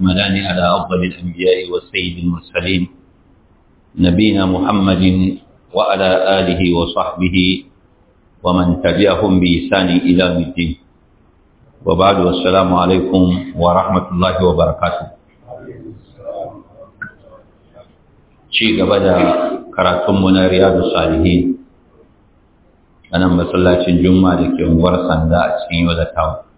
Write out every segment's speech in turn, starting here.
الأكملان على أفضل الأنبياء والسيد المرسلين نبينا محمد وعلى آله وصحبه ومن تبعهم بإحسان إلى الدين وبعد والسلام عليكم ورحمة الله وبركاته شيء قبل كراتمنا رياض الصالحين أنا مسلاتين جمعة لكي أمور صنداء سنين ولا تاو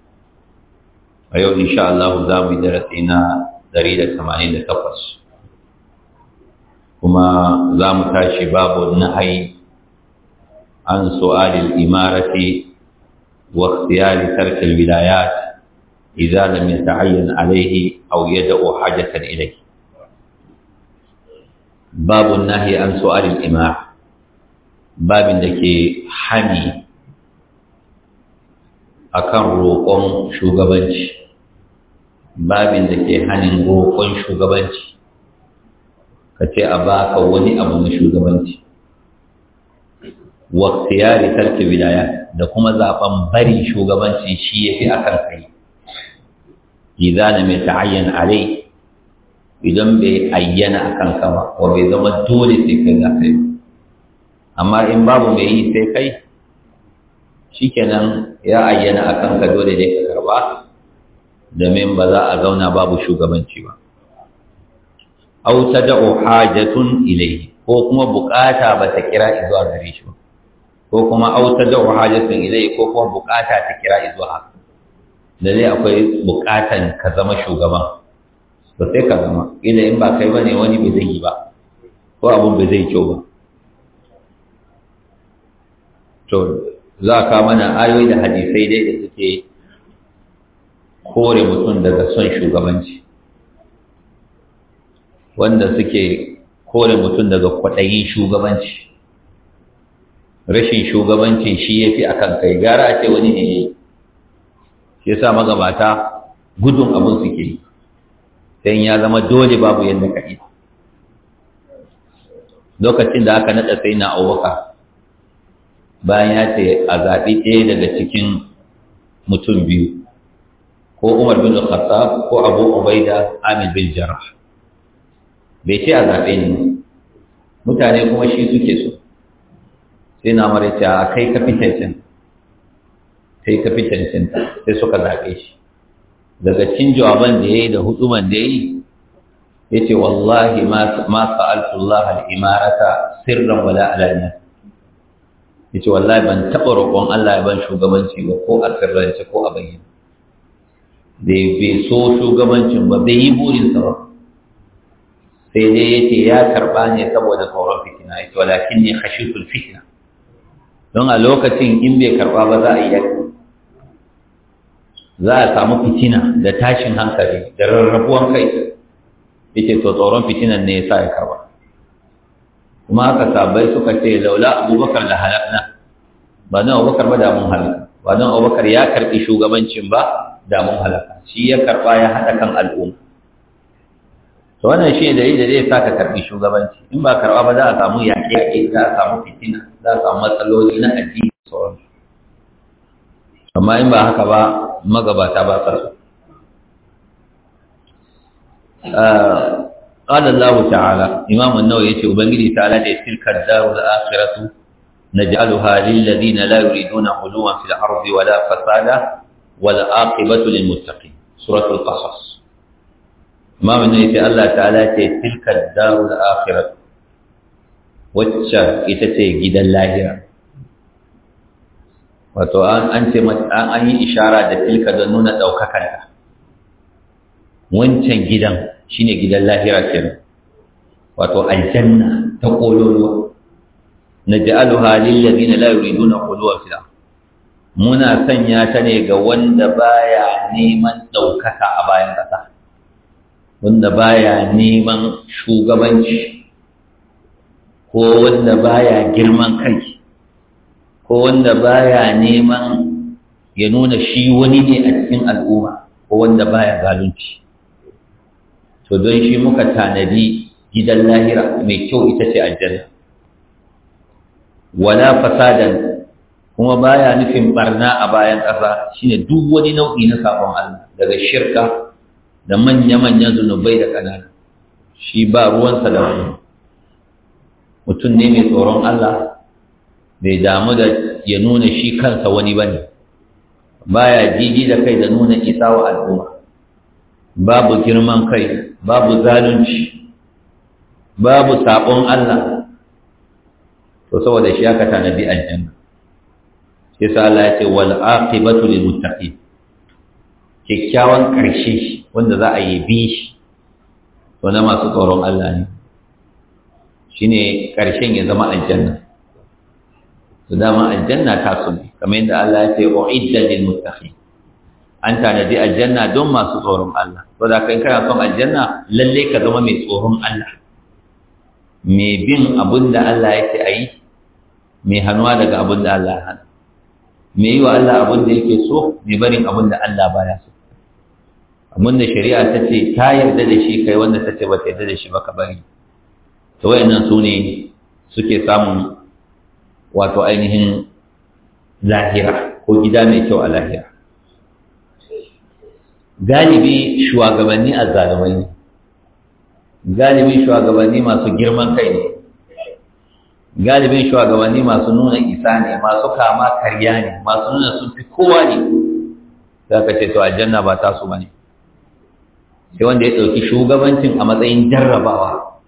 a yau insha Allah za mu yi darasi na 188 kuma za mu tashi babu nahyi an su'al imarati wa ikhtiyar tark wilayat idza lam yata'ayyan alayhi aw yad'u hajatan ilayhi babu nahyi an su'al imar babin da ke hani akan roƙon shugabanci babin da ke hannun gokon shugabanci ka ce a baka wani abu na shugabanci waktiyari tarki bidaya da kuma zaben bari shugabanci shi ya fi akan kai idan mai ta'ayyana alai idan bai ayyana a kanka kama wa bai zama dole sai kai na kai amma in babu mai yi sai kai kenan ya ayyana kan ka dole ne ka karba domin ba za a zauna babu shugabanci ba aw tad'u hajatun ilayhi ko kuma bukata ba ta kira izuwa gare shi ba ko kuma aw tad'u hajatun ilayhi ko kuma bukata ta kira zuwa haka zai akwai bukatan ka zama shugaban to sai ka zama ina in ba kai bane wani bai zai yi ba ko abun bai zai kyau ba to za ka mana ayoyi da hadisai dai da suke kore mutum daga son shugabanci wanda suke kore mutum daga kwaɗayin shugabanci rashin shugabanci shi ya fi a kai gara a ce wani ne ya yi sa magabata gudun abin suke yi sai ya zama dole babu yadda ka yi lokacin da aka naɗa sai na abubakar bayan ya ce a zaɓi ɗaya daga cikin mutum biyu ko Umar bin Khattab ko Abu Ubaida Amir bin Jarrah bai ce a zaɓe ni mutane kuma shi suke so sai na mara ce a kai ka fi cancin kai ka fi cancin sai suka zaɓe shi daga cin jawaban da ya yi da hutuman da ya yi ya ce wallahi ma sa'altullah al'imarata sirran wala alaniya ya ce wallahi ban taɓa roƙon Allah ya ban shugabanci ba ko a sirrance ko a bayyana Da ya fi so shugabancin ba bai yi burinsa ba sai dai ya ce ya karɓa ne saboda tsoron fitina ya ce walakin ne hashitul fitina don a lokacin in bai karɓa ba za a yi za a samu fitina da tashin hankali da rarrabuwan kai yake to tsoron fitinan ne ya sa ya karɓa kuma haka sabai suka ce laula abubakar da halakna ba don abubakar ba da mun halakna ba don abubakar ya karɓi shugabancin ba da mun halaka shi ya karba ya hada kan al'umma to wannan shi ne dalilin da zai sa ka karbi shugabanci in ba karba ba za a samu yaƙe yaƙe za a samu fitina za a samu matsaloli na addini da sauran amma in ba haka ba magabata ba sa su قال الله تعالى امام النووي يتي ubangiji ta'ala da tilka darul akhiratu naj'alha lil ladina la yuriduna uluwan fil ardi wala fasada wal aqibatu lil muttaqin suratul qasas imam ne yace Allah ta'ala ce tilka darul akhirah wacce ita ce gidan lahira wato an ce an yi ishara da tilka don nuna daukakanta wancan gidan shine gidan lahira kenan wato aljanna ta kololuwa halin lil ladina la yuriduna quluwa fil ardh muna sanya ta ne ga wanda baya neman ɗaukaka a bayan ƙasa wanda baya neman shugabanci ko wanda baya girman kai ko wanda baya neman ya nuna shi wani ne a cikin al'umma ko wanda baya zalunci to don shi muka tanadi gidan lahira mai kyau ita ce aljanna wala fasadan kuma baya nufin barna a bayan ƙasa shine duk wani nau'i na sabon Allah daga shirka da manya-manyan zunubai da ƙanana shi ba ruwansa da wani mutum ne mai tsoron Allah bai damu da ya nuna shi kansa wani bane baya jiji da kai da nuna isa wa al'umma babu girman kai babu zalunci babu sabon Allah to saboda shi aka tanadi aljanna sai sa Allah ya ce wal aqibatu lil muttaqin kikkiawan karshe wanda za a yi bi shi to na masu tsoron Allah ne shine karshen ya zama aljanna to dama aljanna ta so ne kamar yadda Allah ya ce uidda lil muttaqin an tanadi aljanna don masu tsoron Allah to da kai kana son aljanna lalle ka zama mai tsoron Allah mai bin abin da Allah ya ce yake ayi mai hannuwa daga abin da Allah ya hana Me yi wa Allah abin da yake so mai barin abin da Allah baya so abin da shari'a ta ce ta yarda da shi kai wanda ta ce ba ta yarda da shi ba ka bari to wayannan su ne suke samun wato ainihin lahira ko gida mai kyau a lahira galibi shugabanni a ne galibi shugabanni masu girman kai ne galibin shugabanni masu nuna isa ne masu kama karya ne masu nuna sun fi kowa ne za ka ce to aljanna ba tasu ba ne sai wanda ya ɗauki shugabancin a matsayin jarrabawa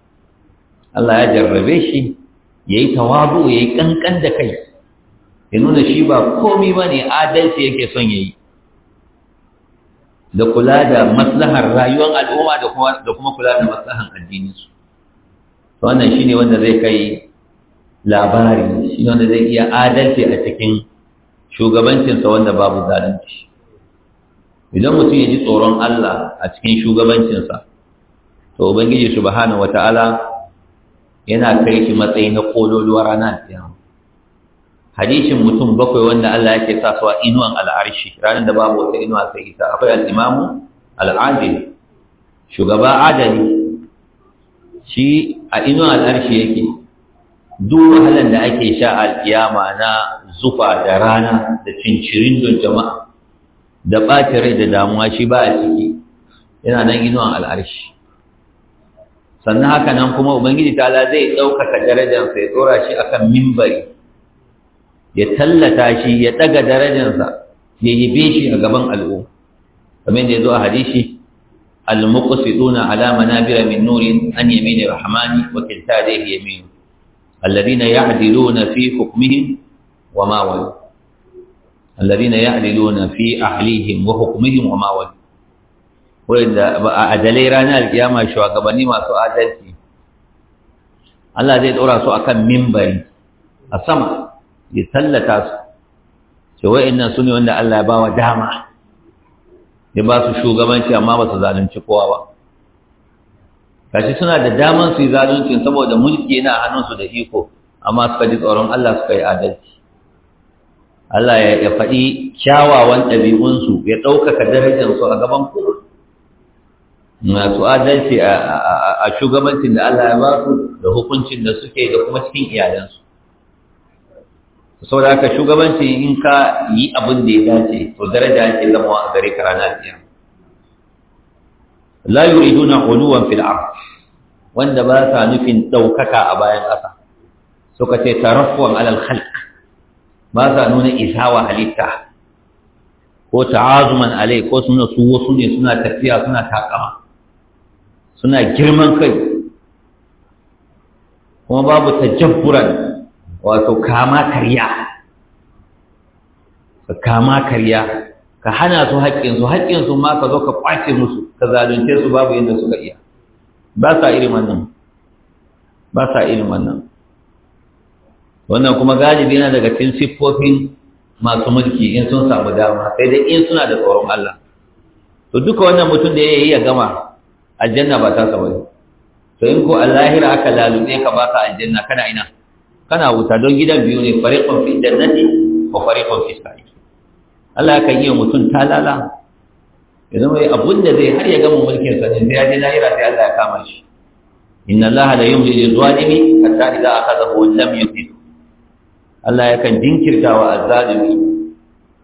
Allah ya jarrabe shi ya yi tawabu ya yi ƙanƙan da kai ya nuna shi ba komi ba ne adalci yake son ya yi da kula da maslahar rayuwar al'umma da kuma kula da maslahar addinin su wannan shine wanda zai kai labari shi wanda zai iya adalci a cikin shugabancinsa wanda babu zalunci idan mutum ya ji tsoron Allah a cikin shugabancinsa to ubangiji subhanahu wata'ala yana kai shi matsayi na kololuwar ranar kiyama hadisin mutum bakwai wanda Allah yake sa su a inuwan al'arshi ranar da babu wata inuwa sai isa akwai al'imamu al'adil shugaba adali shi a inuwan al'arshi yake duk wahalar da ake sha alkiyama na zufa da rana da cincirin don jama'a da ɓata rai da damuwa shi ba a ciki yana nan inuwan al'arshi sannan haka nan kuma ubangiji tala zai ɗaukaka darajarsa ya tsora shi akan mimbari ya tallata shi ya ɗaga darajarsa ya yi shi a gaban al'umma kamar da ya zo a hadishi al-muqsiduna ala manabira min nurin an yamini rahmani wa kilta yaminu الذين يعدلون في حكمهم وما ولوا الذين يعدلون في أهليهم وحكمهم وما ولوا wanda ba a adalai ranar alkiyama shugabanni masu adalci Allah zai dora su akan mimbari a sama ya tallata su ce wa'annan su ne wanda Allah ya ba wa dama ya ba su shugabanci amma ba su zalunci kowa ba kashi suna da daman su yi zaluncin saboda mulki yana hannunsu da iko amma suka ji tsoron Allah suka yi adalci Allah ya ya faɗi kyawawan ɗabi'unsu ya ɗaukaka darajarsu a gaban kuma masu adalci a shugabancin da Allah ya ba su da hukuncin da suke da kuma cikin iyalansu saboda haka shugabanci in ka yi abin da ya dace to daraja ce zama a gare ka ranar biyar la yuriduna quluwan fil ardh wanda ba sa nufin ɗaukaka a bayan ƙasa suka ce tarafuwan alal khalq ba sa nuna isawa halitta ko ta'azuman alai ko suna su wasu ne suna tafiya suna takama suna girman kai kuma babu tajabburan wato kama karya ka kama karya ka hana su haƙƙinsu haƙƙinsu ma ka zo ka ƙwace musu ka zalunce su babu yadda suka iya ba sa irin wannan ba sa irin wannan wannan kuma galibi yana daga cikin siffofin masu mulki in sun samu dama sai dai in suna da tsoron Allah to duka wannan mutum da yayi ya gama aljanna ba ta saba to in ko alahira aka lalube ka ba ka aljanna kana ina kana wuta don gidan biyu ne fariqun fi jannati wa fariqun fi sa'i Allah kan yi mutum talala ya zama ya abun da zai har ya gama mulkin sa ne sai ya je lahira sai Allah ya kama shi inna Allah la yumli lil zalimi hatta idza akhadahu lam yufid Allah yakan jinkirta wa azzalimi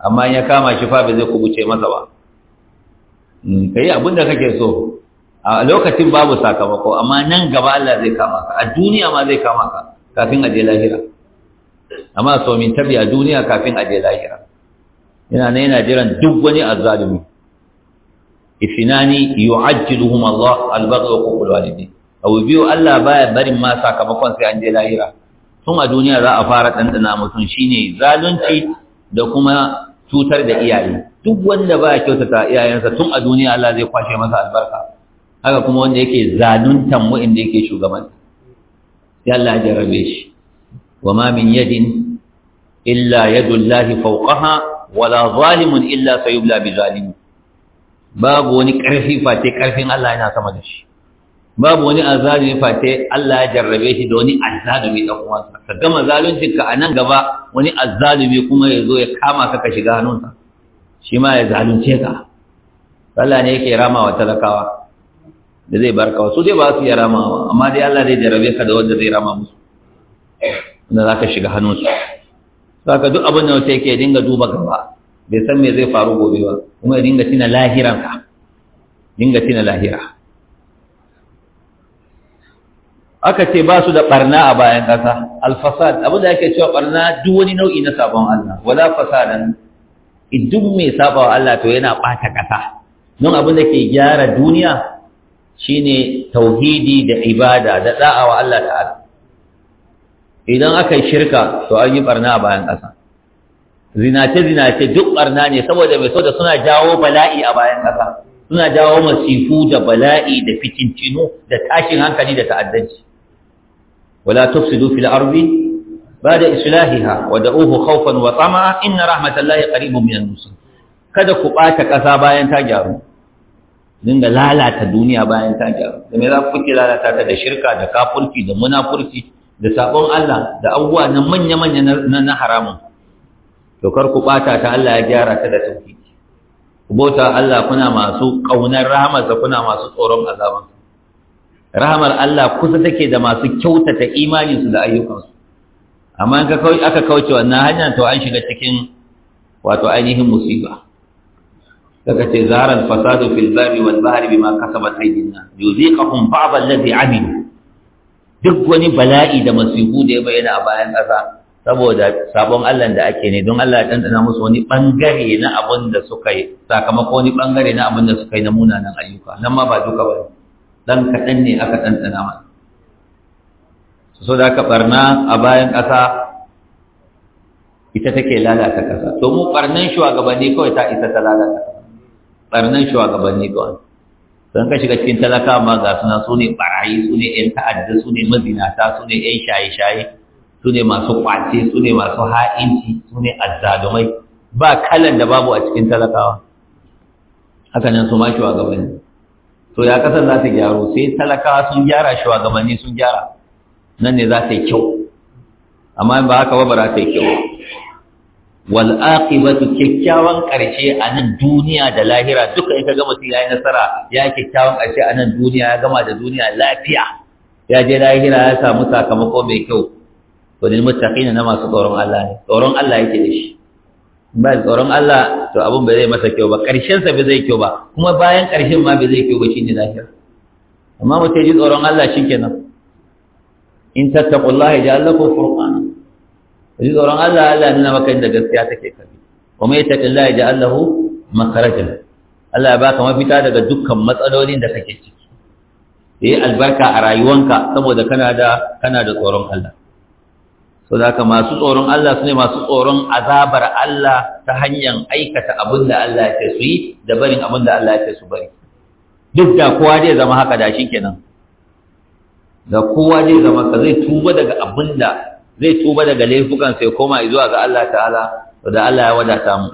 amma ya kama shi fa ba zai kubuce masa ba hmm, kai abun da kake so a lokacin babu sakamako amma nan gaba Allah zai kama ka a duniya ma zai kama ka kafin a je lahira amma so min tabi a duniya kafin a je lahira Ina ne yana jiran duk wani azzalimi ithnani yu'ajjiluhum Allah al-baghy wa uqul walidin abu biyu Allah baya barin ma sakamakon sai an je lahira tun a duniya za a fara dandana mutum shine zalunci da kuma cutar da iyaye duk wanda baya kyautata iyayensa tun a duniya Allah zai kwashe masa albarka haka kuma wanda yake zaluntan wanda yake shugaban sai Allah ya jarabe shi wa ma min yadin illa yadullahi fawqaha wala zalimun illa sayubla bi zalimin babu wani ƙarfi face ƙarfin Allah yana sama da shi babu wani azalimi face Allah ya jarrabe shi da wani azalimi da kuma ka gama zaluncin ka anan gaba wani azalimi kuma ya zo ya kama ka ka shiga hannunsa shi ma ya zalunce ka Allah ne yake rama wa talakawa da zai barka su dai ba su iya ramawa amma dai Allah zai jarrabe ka da wanda zai rama musu wanda za ka shiga hannunsu ka duk abin da wata yake dinga duba gaba bai san me zai faru gobe ba kuma ya dinga tina lahiranka dinga tina lahira aka ce ba su da barna a bayan ƙasa alfasad da ake cewa barna duk wani nau'i na sabon Allah wala fasadan duk mai saba wa Allah to yana ɓata ƙasa don abin da ke gyara duniya shine tauhidi da ibada da da'a Allah ta'ala idan aka shirka to an yi barna a bayan ƙasa zinace-zinace duk ɓarna ne saboda mai so da suna jawo bala'i a bayan ƙasa suna jawo masifu da bala'i da fitincinu da tashin hankali da ta'addanci wala tufsidu fil ardi ba'da islahiha wa da'uhu khawfan wa tama'a inna rahmatallahi qaribun minan nusr kada ku bata ƙasa bayan ta gyaru dinga lalata duniya bayan ta gyaru da me za ku ke lalata ta da shirka da kafurci da munafurci da sabon Allah da abubuwa na manya-manya na haramun to kar ku bata ta Allah ya gyara ta da tauhid ku bauta Allah kuna masu kaunar rahamarsa kuna masu tsoron azaban rahamar Allah kusa take da masu kyautata imaninsu da ayyukansu amma in ka aka kauce wannan hanyar to an shiga cikin wato ainihin musiba daga ce zaharar fasadu fil bari wal bahri bima kasabat aydina yuziqahum ba'd alladhi amilu duk wani bala'i da masihu da ya bayyana a bayan ƙasa saboda sabon Allah da ake ne don Allah ya dandana musu wani bangare na abin da suka yi sakamako wani bangare na abin da suka yi na munanan ayyuka nan ma ba duka ba dan kaɗan ne aka dandana masa so da aka barna a bayan ƙasa ita take lalata ƙasa to mu barnan shugabanni kawai ta isa ta lalata barnan shugabanni kawai don ka shiga cikin talaka ma ga suna su ne barayi su ne 'yan ta'adda su ne mazinata su ne 'yan shaye-shaye su ne masu kwace su ne masu ha'inci su ne azzalumai ba kalan da babu a cikin talakawa haka nan su ma shugabanni to ya kasar za ta gyaro sai talakawa sun gyara shugabanni sun gyara nan ne za ta yi kyau amma ba haka ba ba za ta yi kyau wal aqibatu kikkiawan karshe a nan duniya da lahira duka in ka ga mutum yayi nasara ya kikkiawan karshe a nan duniya ya gama da duniya lafiya ya je lahira ya samu sakamako mai kyau wadil muttaqina na masu tsoron Allah ne tsoron Allah yake da shi ba tsoron Allah to abun ba zai masa kyau ba karshen sa ba zai kyau ba kuma bayan karshen ma ba zai kyau ba shine lahira amma mutai ji tsoron Allah shikenan in tattaqullaha ja'al lakum furqana ji tsoron Allah Allah nuna maka inda gaskiya take kabi wa mai taqillaha ja'al lahu makharajan Allah ya baka mafita daga dukkan matsalolin da kake ciki yi albarka a rayuwanka saboda kana da kana da tsoron Allah to da haka masu tsoron Allah su ne masu tsoron azabar Allah ta hanyar aikata abin da Allah ya ce su yi da barin abin da Allah ya ce su bari duk da kowa zai zama haka da shi kenan da kowa zai zama ka zai tuba daga abin da zai tuba daga laifukan sai koma zuwa ga Allah ta'ala da Allah ya wadata mu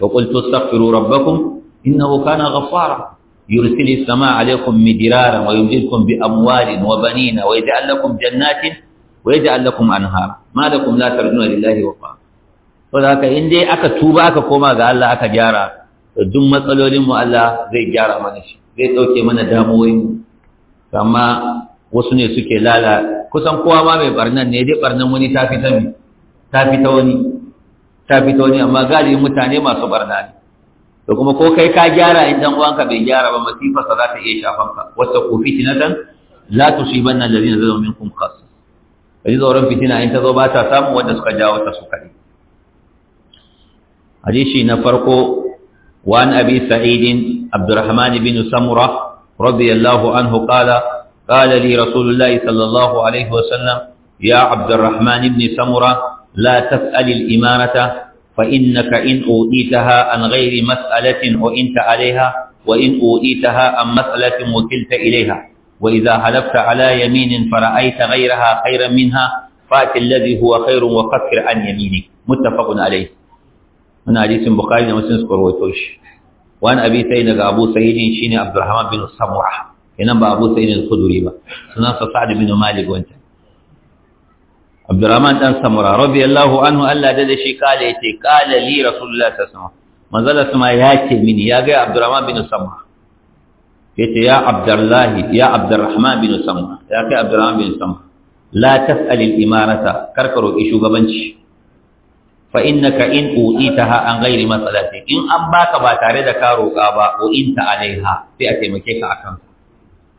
wa qul tastaghfiru rabbakum innahu kana ghaffara yursilu as-samaa'a 'alaykum midrara wa yumdidkum bi amwalin wa banina wa yaj'al lakum jannatin wa yaj'al lakum anhara ma lakum la tarjuna lillahi waqa to da haka in dai aka tuba aka koma ga Allah aka gyara to duk matsalolin mu Allah zai gyara mana shi zai dauke mana damuwoyin mu amma wasu ne suke lala kusan kowa ma mai barnan ne dai barnan wani ta fita ta fita wani ta fita wani amma galibin mutane masu barna ne to kuma ko kai ka gyara idan dan uwanka bai gyara ba masifa sa za ta iya shafan ka wasta tinatan la tusibanna alladhina zalamu minkum khas a ji tsoron fitina in ta zo ta samun wanda suka jawo ta suka yi a shi na farko wa an abi sa'idin abdurrahman bin samura radiyallahu anhu qala qala li rasulullah sallallahu alaihi wa sallam ya abdurrahman ibn samura la tas'al al imarata fa innaka in uditaha an ghairi mas'alatin wa anta alaiha wa in uditaha am mas'alatin wa kilta ilaiha وإذا حلفت على يمين فرأيت غيرها خيرا منها فات الذي هو خير وكفر عن يمينك متفق عليه من حديث البخاري ومسلم ورويتوش وان ابي سعيد ابو سعيد شين عبد الرحمن بن الصمعه kenan ba abu sa'id al-khudri ba sunan sa sa'd bin malik wanta abdurrahman dan samura radiyallahu anhu Allah da da shi kale yace kale li rasulullah sallallahu alaihi wasallam manzala sama yace mini ya gaya abdurrahman bin yace ya abdullahi ya abdurrahman bin sam'a ya kai abdurrahman bin sam'a la tas'al al-imarata karka roki shugabanci fa innaka in uitaha an ghairi masalati in an baka ba tare da ka roka ba o inta alaiha sai a taimake ka akan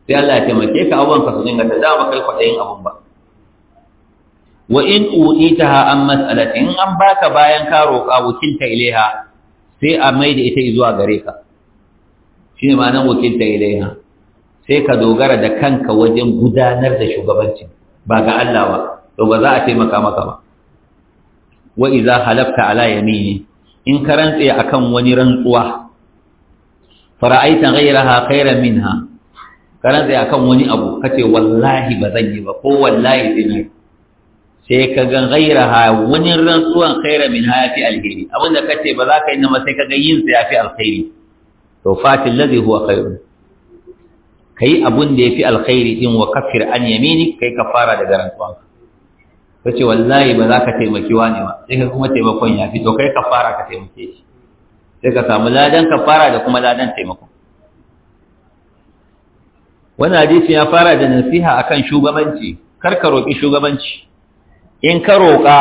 sai Allah ya taimake ka abubuwan ka su dinga ta dama kai kwadayin abun ba wa in uitaha an mas'alati in an baka bayan ka roka wukinta ilaiha sai a maida ita zuwa gare ka shine nan wakilta ilaiha sai ka dogara da kanka wajen gudanar da shugabanci ba ga Allah ba to ba za a taimaka maka ba wa idza halafta ala yamini in ka rantse akan wani rantsuwa fara'aita ghayraha khairan minha ka rantse akan wani abu kace wallahi ba zan yi ba ko wallahi zan sai ka ga ghayraha wani rantsuwan khairan minha yafi alheri abinda kace ba za ka yi na sai ka ga yin sa yafi alheri to fatil ladhi huwa khairun kai abun da yafi alkhairi din wa kafir an yamini kai kafara daga rantsuwa kace wallahi ba za ka taimaki wani ba sai ka kuma taimakon ya fi to kai kafara ka taimake shi sai ka samu ladan kafara da kuma ladan taimako. wannan hadisi ya fara da nasiha akan shugabanci kar ka roƙi shugabanci in ka roƙa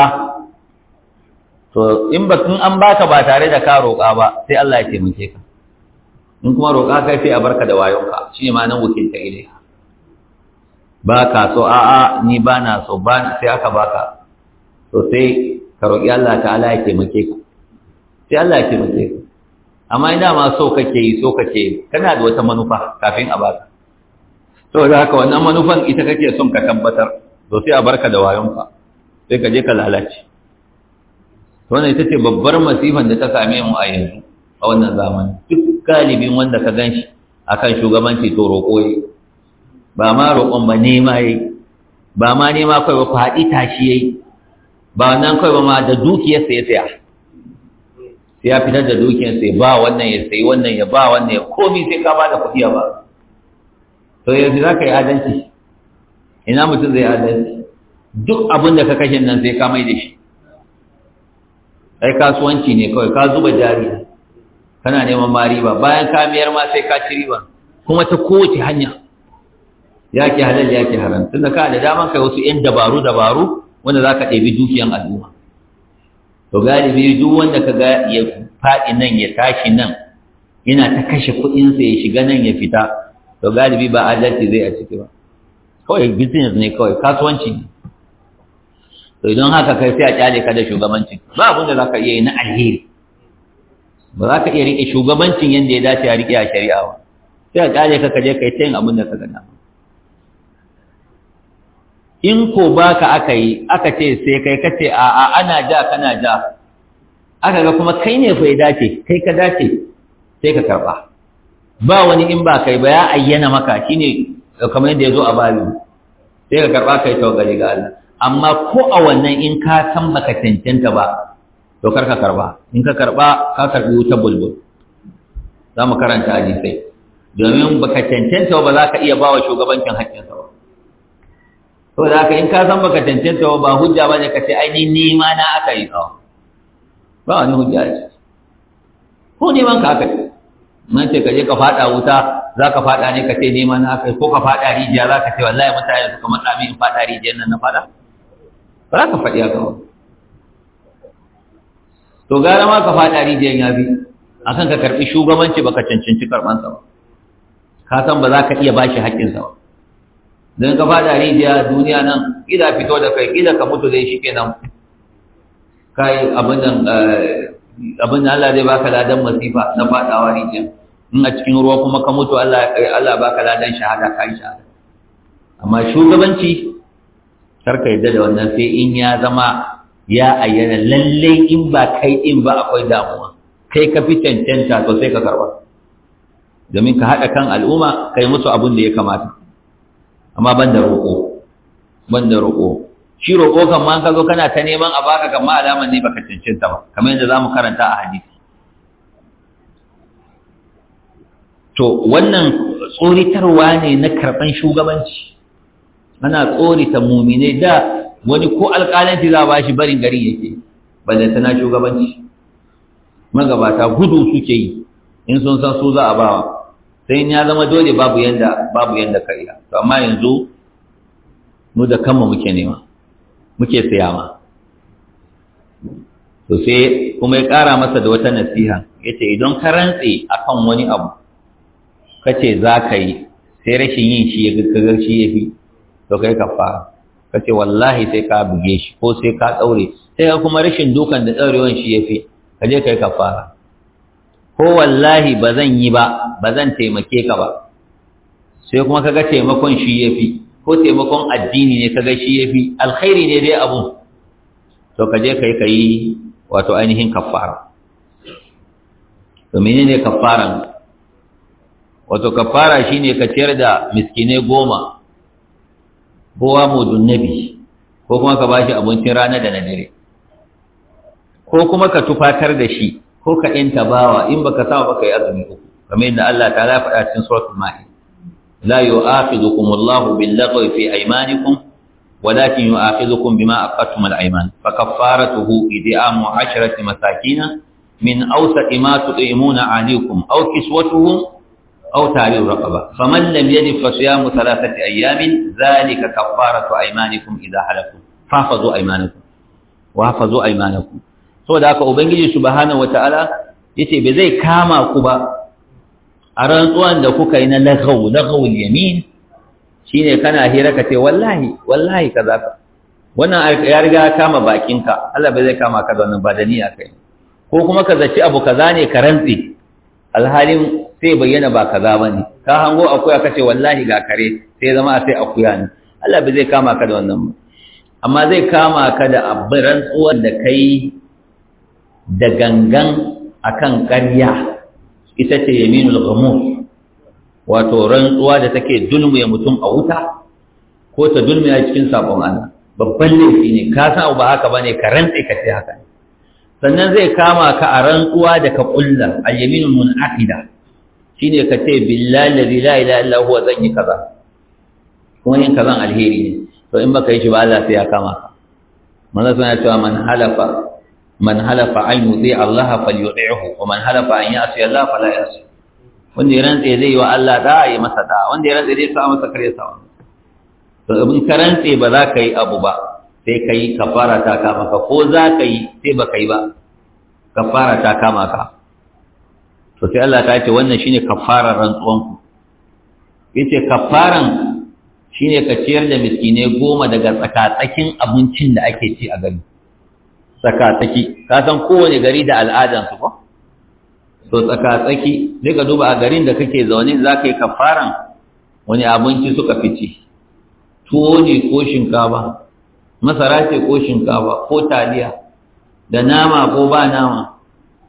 to in ba an baka ba tare da ka roƙa ba sai Allah ya taimake ka in kuma roƙa kai sai a barka da wayonka shi ne ma nan wakilta ilaiha ba ka so a'a ni ba na so ba sai aka baka to sai ka roƙi Allah ta'ala ya taimake ka sai Allah ya taimake ka amma ina ma so kake yi so kake kana da wata manufa kafin a baka da haka wannan manufan ita kake son ka tabbatar to sai a barka da wayonka sai ka je ka lalace wannan ita ce babbar masifan da ta same mu a yanzu a wannan zamani duk galibin wanda ka gan shi a kan shugabanci to roƙo yi. ba ma roƙon ba nema yi, ba ma nema kawai ba ku tashi yi, ba nan kawai ba ma da dukiyarsa ya saya sai ya fitar da dukiyar sai ba wannan ya sayi wannan ya ba wannan ya komi sai ka ba da kuɗi ba to yanzu za ka yi adalci ina mutum zai adalci duk abin da ka kashe nan sai ka mai da shi ai kasuwanci ne kawai ka zuba jari kana neman ma riba bayan ka miyar ma sai ka ci riba kuma ta kowace hanya ya ke halal ya ke haram tunda ka da daman kai wasu yan dabaru dabaru wanda za ka ɗebi dukiyan al'umma to galibi duk wanda ka ga ya faɗi nan ya tashi nan yana ta kashe kuɗinsa ya shiga nan ya fita to galibi ba adalci zai a ciki ba kawai business ne kawai kasuwanci ne to idan haka kai sai a kyale ka da shugabanci ba abin da za ka iya yi na alheri ba za ka iya riƙe shugabancin yadda ya dace a riƙe a shari'a ba sai ka ƙare ka kaje kai tayin abin da ka gana in ko baka aka yi aka ce sai kai ka ce a'a ana ja kana ja aka ga kuma kai ne fa ya dace kai ka dace sai ka karba ba wani in ba kai ba ya ayyana maka shine kamar yadda ya zo a babu sai ka karba kai tawakkali ga Allah amma ko a wannan in ka san baka cancanta ba to kar ka karba in ka karba ka karbi wuta bulbul za mu karanta sai, domin baka cancanta ba za ka iya bawa shugabancin sa ba to da haka in ka san baka cancanta ba hujja ba ne ka ce ai ni ma na aka yi ba ba wani hujja ce ko neman ka aka yi man ce ka je ka faɗa wuta za ka faɗa ne ka ce ma na aka yi ko ka faɗa rijiya za ka ce wallahi mutane suka matsa min in faɗa rijiyar nan na faɗa ba za ka faɗi haka ba to gara ma ka faɗa rijiyan ya bi a kan ka karɓi shugabanci baka cancanci karɓansa ba ka san ba za ka iya bashi haƙƙinsa ba don ka faɗa rijiya duniya nan ƙila fito da kai ƙila ka mutu zai shi ke kai abin nan eh, abin da Allah zai baka ladan masifa na faɗawa rijiya in a cikin ruwa kuma ka mutu Allah Allah baka ladan shahada ka yi shahada amma shugabanci kar yadda da wannan sai in ya zama ya ayyana lallai in ba kai in ba akwai damuwa kai ka fi cancanta to sai ka karba domin ka haɗa kan al'umma kai musu abin da ya kamata amma ban da roƙo ban da roƙo shi roƙo kan ma ka zo kana ta neman a baka kan ma alaman ne baka cancanta ba kamar yadda za mu karanta a hadisi to wannan tsoritarwa ne na karɓan shugabanci ana tsorita mumine da wani ko alƙalanci za a ba shi barin gari yake balle tana shugabanci magabata gudu suke yi in sun san su za a bawa sai in ya zama dole babu yadda babu yadda ka iya to amma yanzu mu da kanmu muke nema muke ma. to sai kuma ya ƙara masa da wata nasiha ya ce idan ka rantse a kan wani abu ka ce za ka yi sai rashin yin shi ya gaggagar shi ya fi to kai ka fara ka ce wallahi sai ka buge shi ko sai ka daure sai ka kuma rashin dukan da ɗaurewan shi ya fi. ka je kai kafara ko wallahi ba zan yi ba ba zan taimake ka ba sai kuma kaga taimakon shi ya fi. ko taimakon addini ne kaga shi ya fi? alkhairi ne dai abun to ka je kai yi wato ainihin kafara to menene kafaran wato kafara shine ka ciyar da miskinai goma kowa mudun nabi ko kuma ka bashi abincin rana da na dare ko kuma ka tufatar da shi ko ka yanta bawa in baka sa ba kai azumi uku kamar yadda Allah ta ya faɗa cikin suratul ma'id la yu'akhidhukum Allahu bil lagwi fi aymanikum walakin yu'akhidhukum bima aqadtum al ayman fa kaffaratuhu id'amu 10 masakin min awsati ma tut'imuna 'alaykum aw kiswatuhum أو تعبير رقبة فمن لم يجد فصيام ثلاثة أيام ذلك كفارة أيمانكم إذا حلفتم فاحفظوا أيمانكم وحفظوا أيمانكم سو ذاك أبنجي سبحانه وتعالى yace bai zai kama ku ba a rantsuwan da kuka yi na lagau lagau yamin shine kana hira ka ce wallahi wallahi kaza ka wannan ya riga kama bakinka Allah bai zai kama ka da ko kuma ka zaci abu kaza ka rantse alhalin sai bayyana ba kaza bane ka hango akuya kace wallahi ga kare sai zama sai akuya ne Allah ba zai kama ka da wannan ba amma zai kama ka da abin tsuwar da kai da gangan akan ƙarya ita ce yaminul ghamus wato rantsuwa da take dulmiya mutum a wuta ko ta dulmiya cikin sabon ana. babban laifi ne ka san ba haka bane ka rantsa ka ce haka sannan zai kama ka a rantsuwa da ka kullar al yaminul munaqida ne ka ce billahi la ilaha illa huwa zan yi kaza kuma yin kazan alheri ne to in baka yi shi ba Allah sai ya kama ka manzo sana cewa man halafa man halafa an yuti Allah falyuti'hu wa man halafa an ya'si Allah fala ya'si wanda ya rantse zai yi wa Allah da ya masa da wanda ya rantse zai sa masa kare sa to in ka rantse ba za ka yi abu ba sai ka yi kafara ta kama ka ko za ka yi sai ba ka yi ba kafara ta kama ka to sai Allah ta ce wannan shine kafarar rantsuwan ku yace kafaran shine ka ciyar da miskine goma daga tsakatsakin abincin da ake ci a gari tsakatsaki ka san kowane gari da al'adan su ko To tsakatsaki sai ka duba a garin da kake zaune za ka yi kafaran wani abinci suka fice tuwo ne ko shinkafa masara ce ko shinkafa ko taliya da nama ko ba nama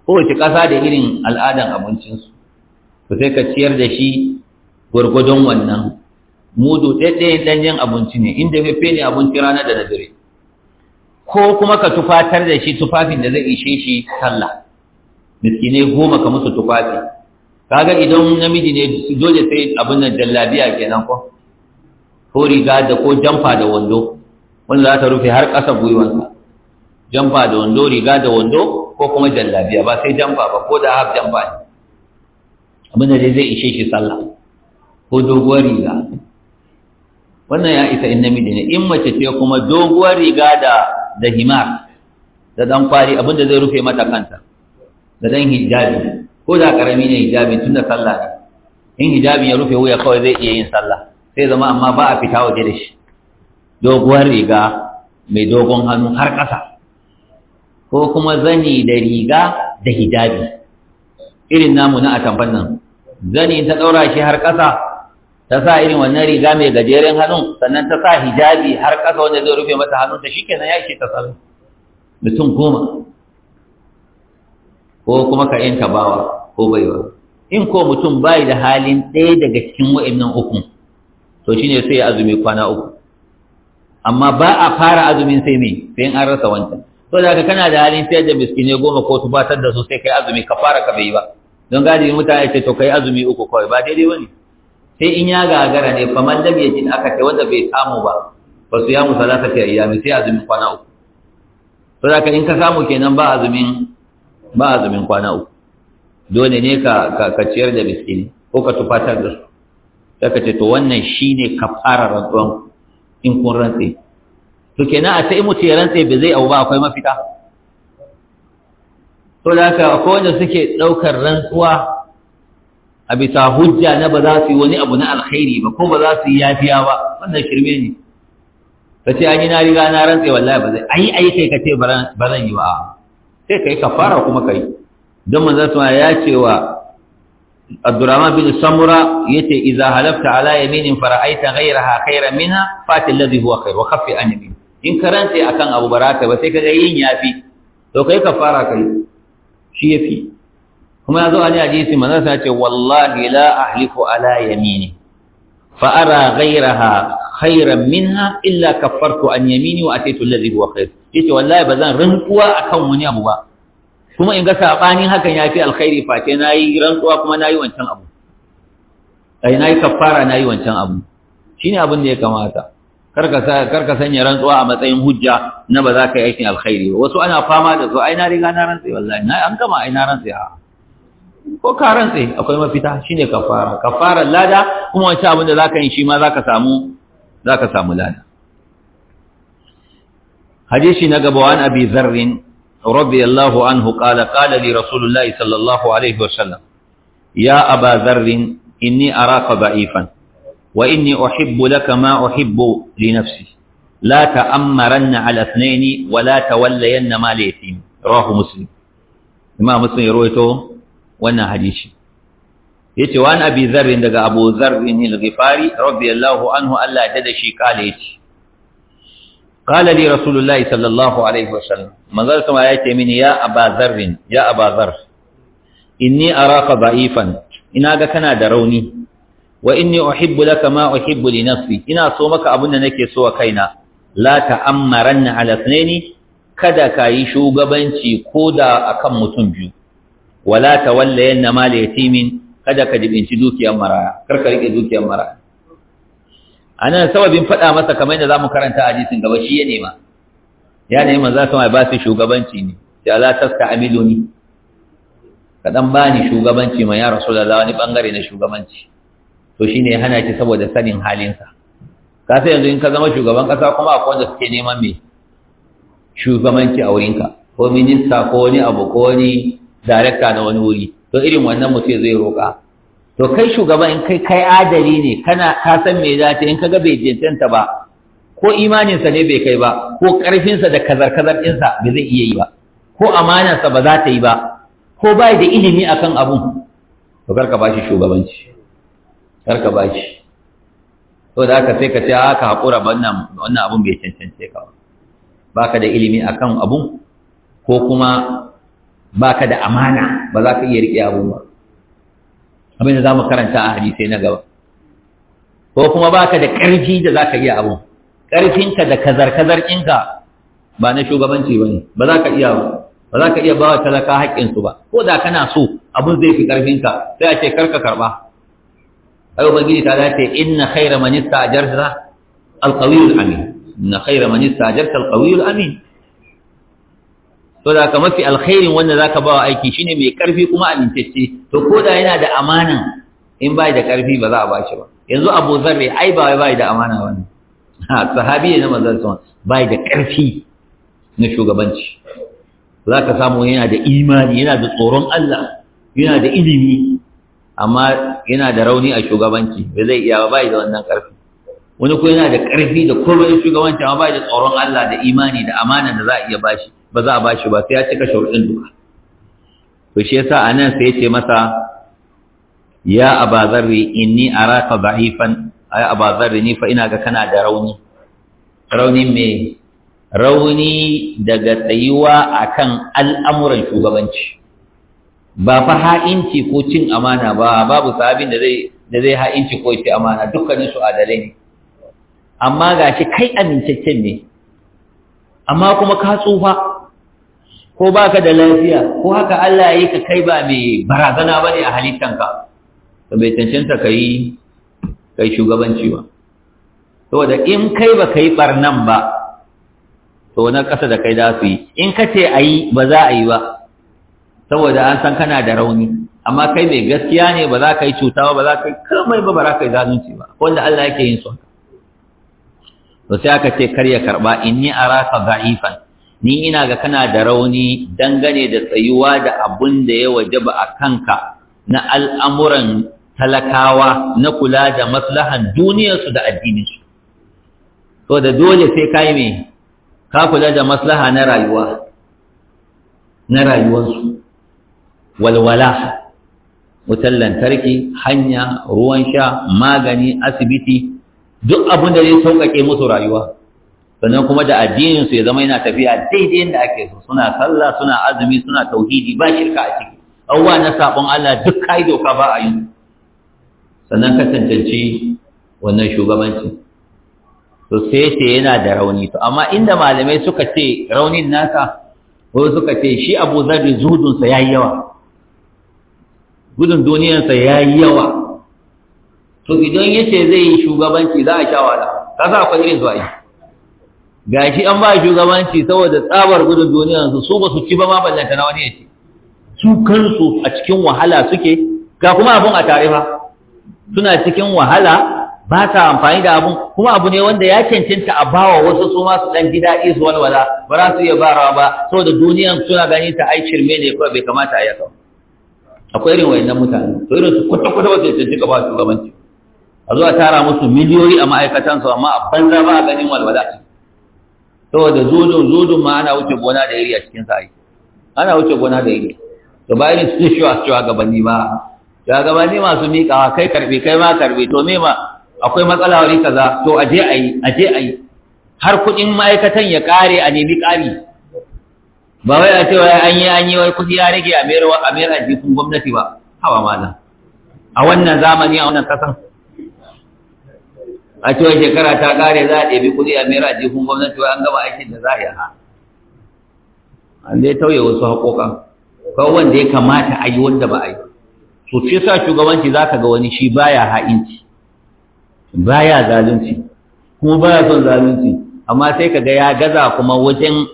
kowace ƙasa da irin al'adan abincinsu to sai ka ciyar da shi gwargwadon wannan mudu ɗaiɗayin ɗanyen abinci ne inda fefe ne abinci rana da dare ko kuma ka tufatar da shi tufafin da zai ishe shi sallah miskinai goma ka musu tufafi kaga idan namiji ne dole sai abin nan jallabiya kenan ko ko riga da ko jamfa da wando wanda za ta rufe har ƙasa gwiwansa jamfa da wando riga da wando ko kuma jallabiya ba sai jamfa ba ko da haf jamfa ne abin da zai ishe shi sallah ko doguwar riga wannan ya isa in namiji ne in mace ce kuma doguwar riga da da himar da dan kwari abin da zai rufe mata kanta da dan hijabi ko da karami ne hijabi tunda sallah ne in hijabi ya rufe wuya kawai zai iya yin sallah sai zama amma ba a fita waje da shi doguwar riga mai dogon hannu har ƙasa ko kuma zani da riga da hijabi irin namu na atamfan nan zani ta ɗaura shi har ƙasa ta sa irin wannan riga mai gajeren hannun sannan ta sa hijabi har ƙasa wanda zai rufe mata hannunta shi kenan ya ishe ta sami. mutum goma ko kuma ka ta bawa ko baiwa in ko mutum bai da halin ɗaya daga cikin wa'annan ukun to shine sai ya azumi kwana uku amma ba a fara azumin sai me sai an rasa wancan so da kana da halin sayar da miskine goma ko batar da su sai kai azumi ka fara ka bai ba don gadi mutane ce to kai azumi uku kawai ba daidai wani. sai in ya gagara ne fa man lam yajin aka ce wanda bai samu ba ba su ya musalata a ayyami sai azumin kwana uku to da in ka samu kenan ba azumin ba azumin kwana uku dole ne ka ka ciyar da miskini ko ka tufatar da su sai ka ce to wannan shine kafarar rantsuwan in kun rantsi to kenan a sai mutu ya rantse bai zai abu ba akwai mafita to da haka akwai wanda suke ɗaukar rantsuwa a bisa hujja na ba za su yi wani abu na alkhairi ba ko ba za su yi yafiya ba wannan shirme ne ka ce an yi na riga na rantse wallahi ba zai an yi ayi kai ka ce ba zan yi ba sai ka yi kafara kuma ka yi don manzo sama ya ce wa Abdurrahman bin Samura yace idza halafta ala yaminin fara'aita ghayraha khayran minha fatil ladhi huwa khayr wa khaffi an yamin in ka rantse akan abu baraka ba sai kaga yin yafi to kai kafara kai shi yafi kuma yazo a hadisi manzon sa ce wallahi la ahlifu ala yamini fa ara ghayraha khairan minha illa kaffartu an yamini wa ataitu alladhi huwa khair yace wallahi bazan rantsuwa akan wani abu ba kuma in ga sabanin hakan yafi alkhairi face nayi rantsuwa kuma nayi wancan abu ai nayi kafara nayi wancan abu shine abin da ya kamata kar ka sanya rantsuwa a matsayin hujja na ba za ka yi aikin alkhairi ba wasu ana fama da su ai na riga na rantsi wallahi na an gama ai na rantsi a ko ka rantsi akwai mafita shine kafara kafarar lada kuma wancan abin da za ka yi shi ma za ka samu za ka samu lada hadisi na gaba an abi zarrin radiyallahu anhu qala qala li rasulullahi sallallahu alaihi wasallam ya aba zarrin inni araka da'ifan wa inni uhibbu laka ma uhibbu li nafsi la ta'ammaranna ala ithnaini wa la tawallayanna ma li yatim rawahu muslim ya rawaito wannan hadisi yace wa an abi dharr daga abu dharr bin al-ghifari radiyallahu anhu Allah ya dada shi kale yace qala li rasulullahi sallallahu alaihi wasallam manzal sama yace mini ya aba dharr ya aba dharr inni araka da'ifan ina ga kana da rauni wa inni uhibbu laka ma uhibbu li nafsi ina so maka abin da nake so wa kaina la ta'ammaranna ala sunaini kada ka yi shugabanci ko da akan mutum biyu wala tawallayanna mal yatimin kada ka dibinci dukiyar maraya kar ka rike dukiyar maraya anan sababin faɗa masa kamar yadda zamu karanta hadisin gaba shi ya nema ya nema za su mai ba su shugabanci ne ya la tasta'miluni kadan bani shugabanci ma ya rasulullahi wani bangare na shugabanci to shi ya hana shi saboda sanin halinsa ka yanzu in ka zama shugaban kasa kuma a wanda suke neman mai shugabanci a wurinka ko minista ko wani abu ko wani darakta na wani wuri to irin wannan mutum zai roƙa to kai shugaban in kai kai adali ne kana ka san me za ta in ka ga bai jintanta ba ko imaninsa ne bai kai ba ko ƙarfinsa da kazar-kazar ɗinsa ba zai iya yi ba ko amanarsa ba za ta yi ba ko bai da ilimi akan abun to karka ba shi shugabanci kar ka bashi to da aka sai ka ce aka ah, haƙura wannan wannan abun bai cancance ka ba baka da ilimi akan abun ko kuma baka da amana ba za ka iya riƙe abun ba abin da za mu karanta a hadisai na gaba ko kuma baka da ƙarfi da za ka iya abun ƙarfinka da kazar-kazar ɗinka ba na shugabanci ba ne ba za ka iya ba za ka iya ba wa talaka haƙƙinsu ba ko da kana so abun zai fi ƙarfinka sai a ce karka karɓa ai ubangiji ta zace inna khayra man istajarta alqawiyul amin inna khayra man istajarta alqawiyul amin to da ka mafi alkhairin wanda zaka ba wa aiki shine mai karfi kuma amintacce to ko da yana da amana in bai da karfi ba za a bashi ba yanzu Abu Dharr ai ba bai da amana wani ha sahabi ne manzon sa bai da karfi na shugabanci zaka samu yana da imani yana da tsoron Allah yana da ilimi amma yana da rauni a shugabanci ba zai iya ba bai da wannan ƙarfi wani ko yana da ƙarfi da komai shugabanci amma bai da tsoron Allah da imani da amana da za a iya bashi ba za a bashi ba sai ya cika shuruɗin duka to shi yasa anan sai yace ce masa ya abazarri inni araka dha'ifan ay abazarri ni fa ina ga kana da rauni rauni me rauni daga tsayuwa akan al'amuran shugabanci ba fa ha'inci ko cin amana ba babu sahabin da zai da zai ha'inci ko ci amana dukkanin su adalai ne amma gashi kai amincaccen ne amma kuma ka tsufa ko baka da lafiya ko haka Allah ya yi ka kai ba mai barazana bane a halittanka to bai cancanta kai kai shugabanci ba da in kai ba kai barnan ba to na kasa da kai za su yi in kace ayi ba za a yi ba saboda an san kana da rauni amma kai mai gaskiya ne ba za ka yi cuta ba za ka yi kamai ba ba za ka yi zalunci ba wanda Allah yake yin su to sai aka ce kar ya karba inni araka da'ifan ni ina ga kana da rauni dangane da tsayuwa da abun da ya wajaba a kanka na al'amuran talakawa na kula da maslahan duniyarsu da addininsu to da dole sai kai me ka kula da maslaha na rayuwa na rayuwarsu walwala wutar lantarki hanya ruwan sha magani asibiti duk abin da zai sauƙaƙe musu rayuwa sannan kuma da addininsu ya zama yana tafiya daidai yadda ake so suna sallah suna azumi suna tauhidi ba shirka a ciki abubuwa na sabon Allah duk kai doka ba a yi sannan ka tantance wannan shugabanci to sai ce yana da rauni to amma inda malamai suka ce raunin nasa ko suka ce shi Abu Zarri zuhudunsa yayi yawa gudun duniyansa ya yi yawa to idan ya ce zai yi shugabanci za a sha wala ka sa akwai irin zuwa yi ga shi an ba shugabanci saboda tsabar gudun duniyansu su ba su ci ba ma ballanta na wani ya ce su kansu a cikin wahala suke ga kuma abun a tare ba suna cikin wahala ba ta amfani da abun kuma abu ne wanda ya cancanta a bawa wasu su ma su dan gida daɗi su walwala ba za su iya barawa ba saboda duniyan suna gani ta ai shirme ne kuma bai kamata a yi akwai irin wayannan mutane to irin su kwata kwata ba su tantance ka ba shugabanci a zuwa tara musu miliyoyi a ma'aikatan su amma a banza ba a ganin walwala saboda zuzun zuzun ma ana wuce gona da iri a cikin sa ai ana wuce gona da iri to ba irin su shuwa shuwa gabani ba shugabanni masu miƙawa kai karbi kai ma karbi to me ma akwai matsala wuri kaza to aje ayi aje yi, har kuɗin ma'aikatan ya ƙare a nemi ƙari ba wai a cewa an yi an yi wai kuɗi ya rage a mayar a mayar a jikin gwamnati ba hawa malam a wannan zamani a wannan kasan a cewa shekara ta kare za a ɗebi kuɗi a mayar a jikin gwamnati wai an gama aikin da za a yi ha an dai tauye wasu haƙoƙa kawai wanda ya kamata a yi wanda ba a yi to shi sa shugabanci za ka ga wani shi baya ha'inci baya zalunci kuma baya son zalunci amma sai ka ga ya gaza kuma wajen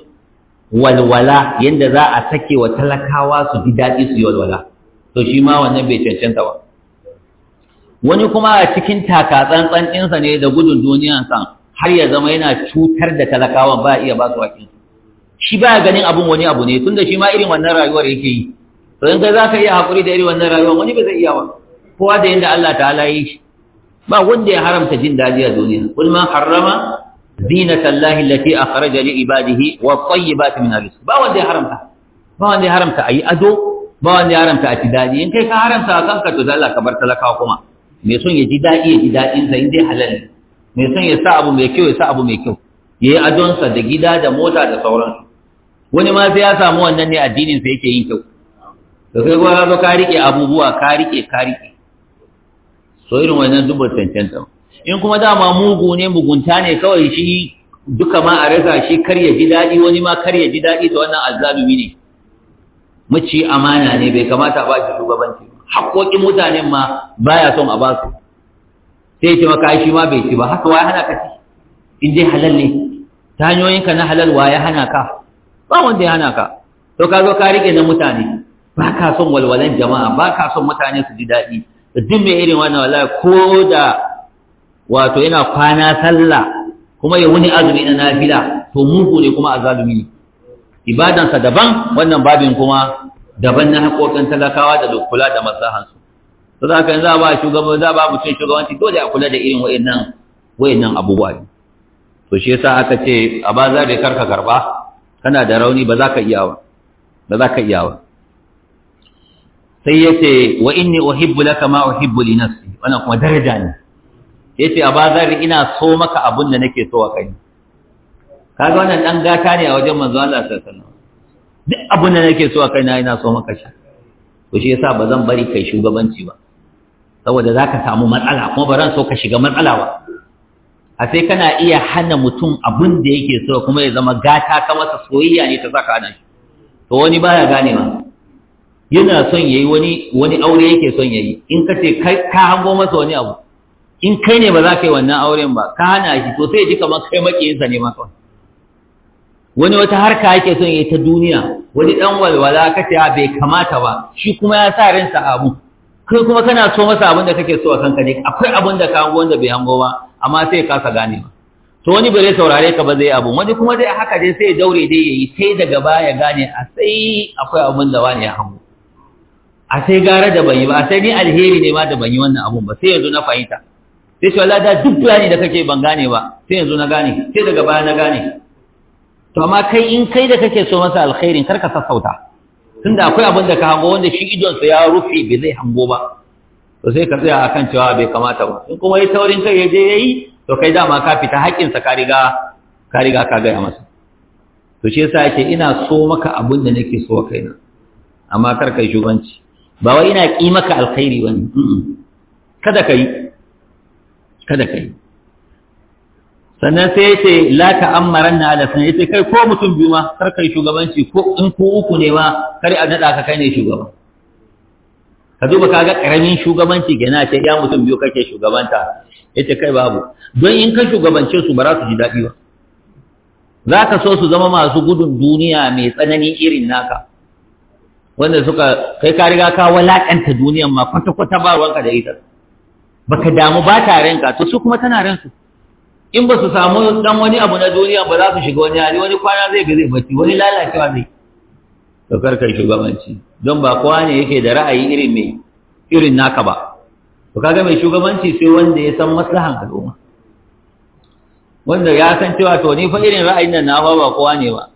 walwala yadda za a sake wa talakawa su ji daɗi su yi walwala to shi ma wannan bai cancanta ba wani kuma a cikin taka tsantsan ɗinsa ne da gudun sa, har ya zama yana cutar da talakawan ba iya ba su haƙin shi ba ganin abin wani abu ne tunda shi ma irin wannan rayuwar yake yi to in kai za ka iya haƙuri da irin wannan rayuwar wani ba zai iya ba kowa da yadda Allah ta'ala yi shi ba wanda ya haramta jin daɗi a duniya kullum harrama زينة الله التي اخرج لعباده والطيبات من الرزق با wanda ya haramta ba wanda ya haramta ayi ado ba wanda ya haramta a tidadi in kai ka haramta kan ka to Allah ka bar talakawa kuma me son ya ji dadi ya ji dadin sa inda halal me son ya sa abu mai kyau ya sa abu mai kyau yayi adon sa da gida da mota da wani ma sai ya wannan ne addinin sa yake yin kyau to kai ka rike abubuwa ka rike ka rike so irin wannan dubo cancanta in kuma dama mugu ne mugunta ne kawai shi duka ma a raza shi kar ya ji daɗi wani ma kar ya ji daɗi da wannan azzalumi ne mace amana ne bai kamata a ba shi shugabanci haƙoƙin mutanen ma baya son a ba su sai ce maka shi ma bai ci ba haka waya hana ka ci in dai halal ne ta hanyoyinka na halal ya hana ka ba wanda ya hana ka to ka zo ka rike na mutane ba ka son walwalan jama'a ba ka son mutane su ji daɗi da duk mai irin wannan wallahi ko da wato yana kwana sallah kuma ya wuni azumi na nafila to mugu ne kuma azalumi ne ibadansa daban wannan babin kuma daban na hakokin talakawa da kula da masahansu to za ka za ba shugaban za ba mutum shugabanci dole a kula da irin wayannan wayannan abubuwa to shi yasa aka ce a ba za bai karka karba kana da rauni ba za ka iya ba ba za ka iya ba sai yace wa inni uhibbu laka ma uhibbu li nafsi wannan kuma daraja ne a bazari ina so maka abun da nake so a kai kaga wannan dan gata ne a wajen manzo Allah sallallahu alaihi wasallam duk abun da nake so a kai na ina so maka shi to shi yasa bazan bari kai shugabanci ba saboda zaka samu matsala kuma ba ran so ka shiga matsala ba a sai kana iya hana mutum abin da yake so kuma ya zama gata ka masa soyayya ne ta saka hana shi to wani baya gane ma. yana son yayi wani wani aure yake son yayi in ka ce ka hango masa wani abu in kai ne ba za ka yi wannan auren ba ka hana shi to sai ji kamar kai makiyinsa ne maka wani wata harka yake son yi ta duniya wani dan walwala kace ce bai kamata ba shi kuma ya sa ransa abu kai kuma kana so masa abin da kake so a kanka ne akwai abin da ka hango wanda bai hango ba amma sai ka kasa gane ba to wani bare saurare ka ba zai abu wani kuma zai haka dai sai ya daure dai yayi sai daga baya gane a sai akwai abin da wani ya hango a sai gara da ban yi ba a sai ni alheri ne ma da ban yi wannan abun ba sai yanzu na fahimta sai shi wala da duk tunani da kake ban gane ba sai yanzu na gane sai daga baya na gane to amma kai in kai da kake so masa alkhairin karka sassauta tunda akwai abin da ka hango wanda shi idonsa ya rufe bai zai hango ba to sai ka tsaya akan cewa bai kamata ba in kuma yayi taurin kai ya je yayi to kai dama ka fita sa ka riga ka riga ka gaya masa to shi yasa yake ina so maka abin da nake so kaina amma kar kai shuganci ba wai ina ƙi maka alkhairi bane kada ka yi kada ka yi sannan sai ya ce la ta'ammaran na ala ya ce kai ko mutum biyu ma kar kai shugabanci ko in ku uku ne ma kar a naɗa ka kai ne shugaba ka duba ka ga ƙaramin shugabanci gina ce ya mutum biyu kake shugabanta Ya ce kai babu don in ka shugabance su ba za su ji daɗi ba za ka so su zama masu gudun duniya mai tsanani irin naka wanda suka kai ka riga ka walaƙanta duniyan ma kwata-kwata ba ruwanka da ita baka damu ba ta ranka to su kuma tana ransu in ba su samu dan wani abu na duniya ba za su shiga wani hali wani kwana zai ga zai bacci wani lalacewa zai to karkar shugabanci don ba kowa ne yake da ra'ayi irin mai irin naka ba to kaga mai shugabanci sai wanda ya san maslahan al'umma wanda ya san cewa to ni fa irin ra'ayin nan na ba kowa ne ba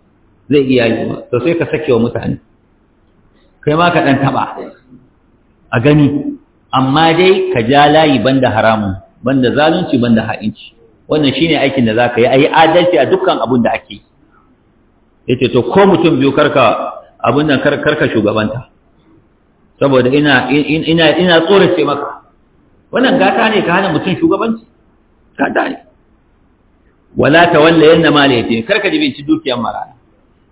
zai iya yi ba to sai ka sake wa mutane kai ma ka dan taba a gani amma dai ka ja layi banda haramun banda zalunci banda ha'inci wannan shine aikin da zaka yi ayi adalci a dukkan abin da ake yace to ko mutum biyu karka abin nan karka shugabanta saboda ina ina ina tsorace maka wannan gata ne ka hana mutum shugabanci gata ne wala tawalla yanna mala yatim karka binci dukiyar marana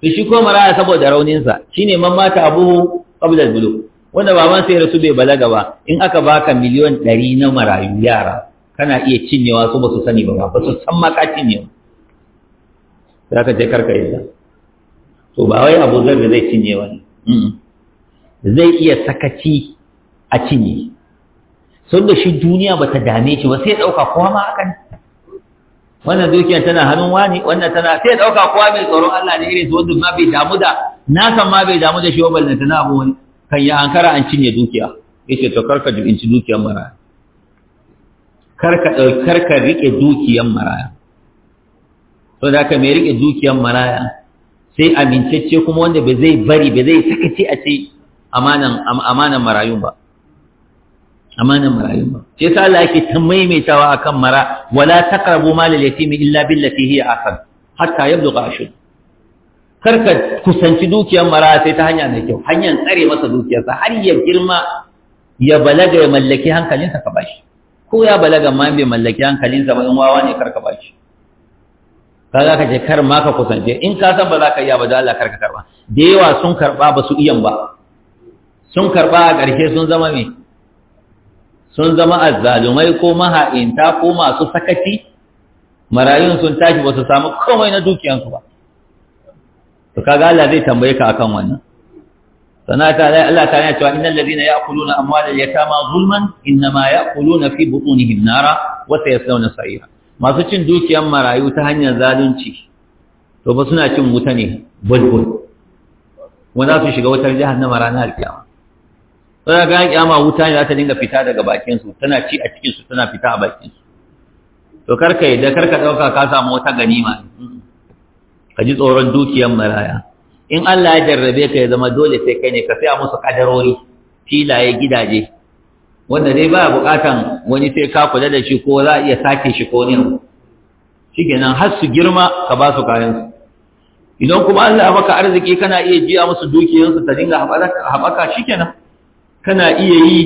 shi ko marana saboda rauninsa shine mamata mata abu qabla al-bulugh wanda baban sai rasu bai balaga ba in aka baka miliyon ɗari na marayu yara kana iya cinyewa su ba su sani ba ba su san ma ka cinye za ka je karka yadda to ba wai abu zar da zai cinye ba ne zai iya sakaci a cinye sun da shi duniya ba ta dame shi ba sai ya ɗauka kowa ma akan wannan dukiyar tana hannun wani wannan tana sai ya kowa mai tsoron Allah ne irin su wanda ma bai damu da na san ma bai damu da shi ba balle tana abu wani kan ya ankara an cinye dukiya yace to karka jibinci dukiyan maraya karka karka rike dukiyar maraya to da ka mai rike dukiyar maraya sai amincacce kuma wanda ba zai bari ba zai sakaci a ce amanan marayun ba amanan marayun ba sai sa Allah yake ta maimaitawa akan mara wala taqrabu mal al-yatim illa asar. hiya ahsan hatta yablugha ashud kar ka kusanci dukiyar mara sai ta hanya mai kyau hanyar tsare masa dukiyarsa har ya girma ya balaga ya mallaki hankalinsa ka bashi ko ya balaga ma bai mallaki hankalinsa ba in wawa ne kar ka bashi ka za ka je kar ma ka kusance in ka san ba za ka iya ba da Allah kar ka karba da yawa sun karba ba su iyan ba sun karba a ƙarshe sun zama me sun zama azzalumai ko maha'inta ko masu sakaci marayun sun tashi ba su samu komai na dukiyansu ba to kaga Allah zai tambaye ka akan wannan sannan ta Allah ta yana cewa innal ladina ya'kuluna amwalal yatama zulman innama ya'kuluna fi butunihim nara wa sayasluna sa'ira masu cin dukiyar marayu ta hanyar zalunci to ba suna cin wuta ne bulbul wanda za su shiga wutar jahannama ranar alkiyama sai ga kiyama wuta ne za ta dinga fita daga bakin su tana ci a cikin su tana fita a bakin su to karka da karka dauka ka samu wata ganima ka ji tsoron dukiyar maraya in Allah ya jarrabe ka ya zama dole sai kai ne ka saya musu kadarori filaye gidaje wanda dai ba bukatan wani sai ka kula da shi ko za a iya sake shi ko ne nan har su girma ka ba su kayan su idan kuma Allah baka arziki kana iya jiya musu dukiyarsu ta dinga haɓaka shikenan kana iya yi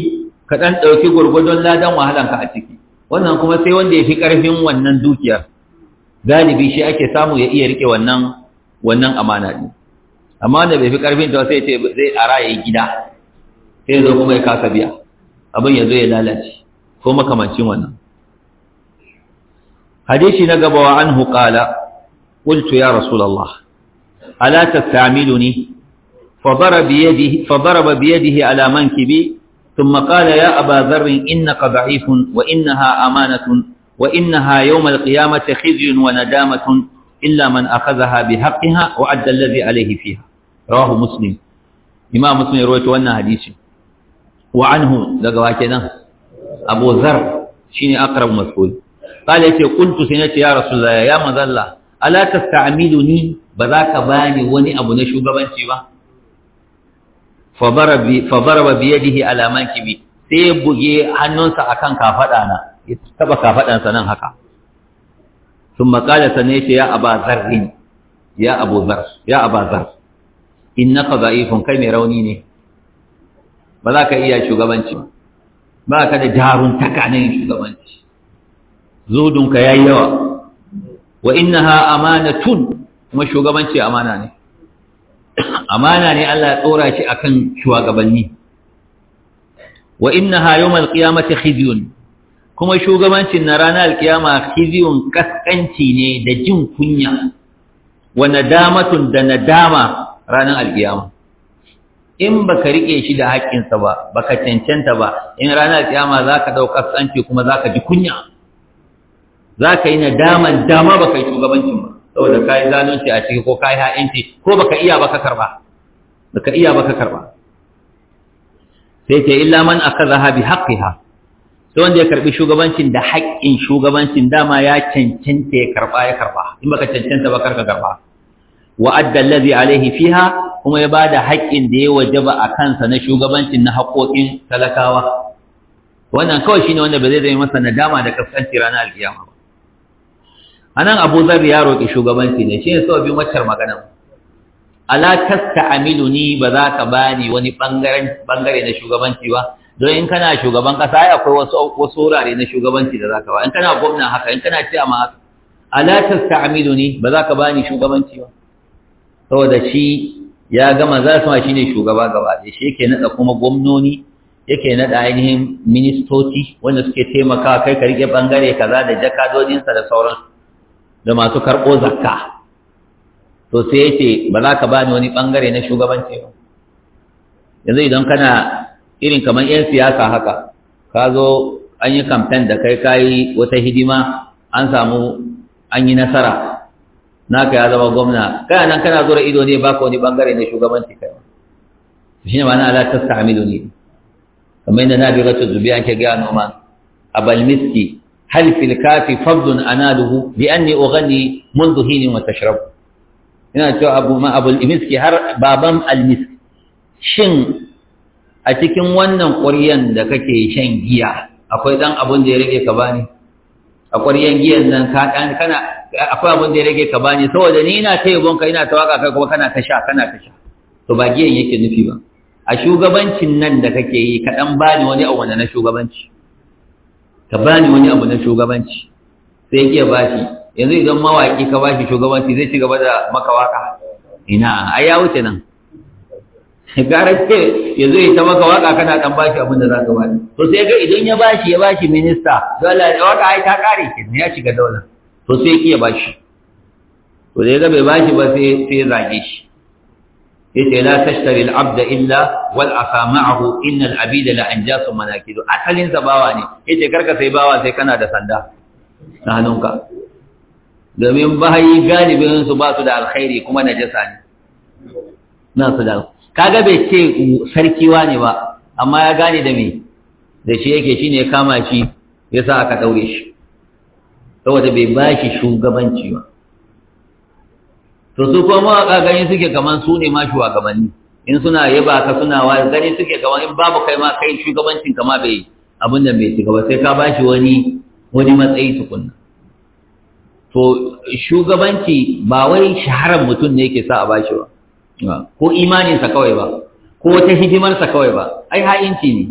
ka ɗan ɗauki gwargwadon ladan wahalanka a ciki wannan kuma sai wanda ya fi ƙarfin wannan dukiyar galibi shi ake samu ya iya rike wannan wannan amana din amma da bai fi karfin ta sai ce zai ara yayi gida sai zo kuma ya kasa biya abin ya zo ya lalace ko makamancin wannan hadisi na gaba wa anhu qala قلت يا رسول الله ألا تستعملني فضرب بيده, فضرب بيده على منكبي ثم قال يا أبا ذر إنك ضعيف وإنها أمانة وإنها يوم القيامة خزي وندامة إلا من أخذها بحقها وأدى الذي عليه فيها رواه مسلم إمام مسلم رويته أنها حديث وعنه لقواتنا أبو ذر شيني أقرب مسؤول قال يتي قلت سنتي يا رسول الله يا مذلة ألا تستعملني بذاك باني وني أبو نشو ببنتي با فضرب, فضرب بيده على منكبي sai ya buge hannunsa akan kafaɗa na ya taɓa kafaɗansa nan haka sun makala sane ce ya aba zarrin ya abu zar ya aba zar innaka kun kai mai rauni ne ba za ka iya shugabanci ba ka da jarun takanin shugabanci zudunka yi yawa wa amana tun kuma shugabanci amana ne amana ne Allah ya tsora shi akan shugabanni wa innaha yawmal qiyamati khizyun kuma shugabancin na ranar alkiyama khizyun kaskanci ne da jin kunya wa nadamatun da nadama ranar alkiyama in baka riƙe shi da haƙƙinsa ba baka cancanta ba in ranar kiyama zaka dau kaskanci kuma za ka ji kunya Za ka yi nadaman dama baka yi shugabancin ba saboda ka yi zalunci a ciki ko ka yi ha'inci ko baka iya baka karba baka iya baka karba sai ce illa man akhadha bi haqqiha sai wanda ya karbi shugabancin da haƙƙin shugabancin dama ya cancanta ya karba ya karba in baka cancanta ba karka karba wa adda alladhi alayhi fiha kuma ya bada haƙƙin da ya wajaba a kansa na shugabancin na haƙoƙin talakawa wannan kawai shine wanda ba zai zama masa nadama da kaskanci ranar alkiyama ba anan Abu Dharr ya roki shugabanci ne shine biyu waccan magana ala ni ba za ka bani wani bangaren bangare na shugabanci ba don in kana shugaban kasa ai akwai wasu wurare na shugabanci da zaka ba in kana gwamna haka in kana cewa ma haka ala ni ba za ka bani shugabanci ba saboda shi ya gama za su ma shine shugaba gaba da shi yake nada kuma gwamnoni yake nada ainihin ministoci wanda suke taimaka kai ka rike bangare kaza da jakadodinsa da sauransu da masu karɓo zakka to sai ya ce ba za ka ba wani bangare na shugabanci ba yanzu idan kana irin kamar 'yan siyasa haka ka zo an yi kamfen da kai kayi wata hidima an samu an yi nasara naka ya zama gwamna kana nan kana zura ido ne baka wani bangare na shugabanci kai shine ma'ana ala ne, kamar yadda nabiratu zubiyan ke gaya noma abal miski hal fil kafi fadlun analuhu bi anni zuhi منذ حين وتشرب yana cewa abu ma abul imiski har baban almisk shin a cikin wannan ƙwaryan da kake shan giya akwai dan abun da ya rage ka bani a ƙwaryan giyan nan ka dan kana akwai abun da ya rage ka bani saboda ni ina ta yabon ka ina ta waka kai kuma kana ta sha kana ta sha to ba giyan yake nufi ba a shugabancin nan da kake yi ka dan bani wani abu na shugabanci ka bani wani abu na shugabanci sai ya ba shi yanzu idan mawaƙi ka bashi shugabanci zai ci gaba da maka waka ina ai ya wuce nan gara ce yanzu ya ta maka waka kana dan bashi abin da za ka bani to sai ga idan ya bashi ya bashi minista dole waka ai ta kare ke ya shiga daular to sai ki ya bashi to dai ga bai bashi ba sai sai zage shi yace la tashtari al-abda illa wal asa ma'ahu al abida la anjasu manakidu asalin sa bawa ne yace karka sai bawa sai kana da sanda na hannunka domin bahayi galibin su ba su da alkhairi kuma najasa ne na su da kaga bai ce sarkiwa ne ba amma ya gane da me da shi yake shine kama shi yasa aka daure shi saboda bai ba shi shugabanci ba to su kuma mawaƙa gani suke kaman su ne ma shugabanni in suna yaba ka suna wa gani suke kaman in babu kai ma kai shugabancin kama bai abin da bai shiga ba sai ka ba shi wani wani matsayi tukunna to shugabanci ba wai shaharar mutum ne yake sa a bashi ba ko imaninsa kawai ba ko wata hidimarsa kawai ba ai ha'inci ne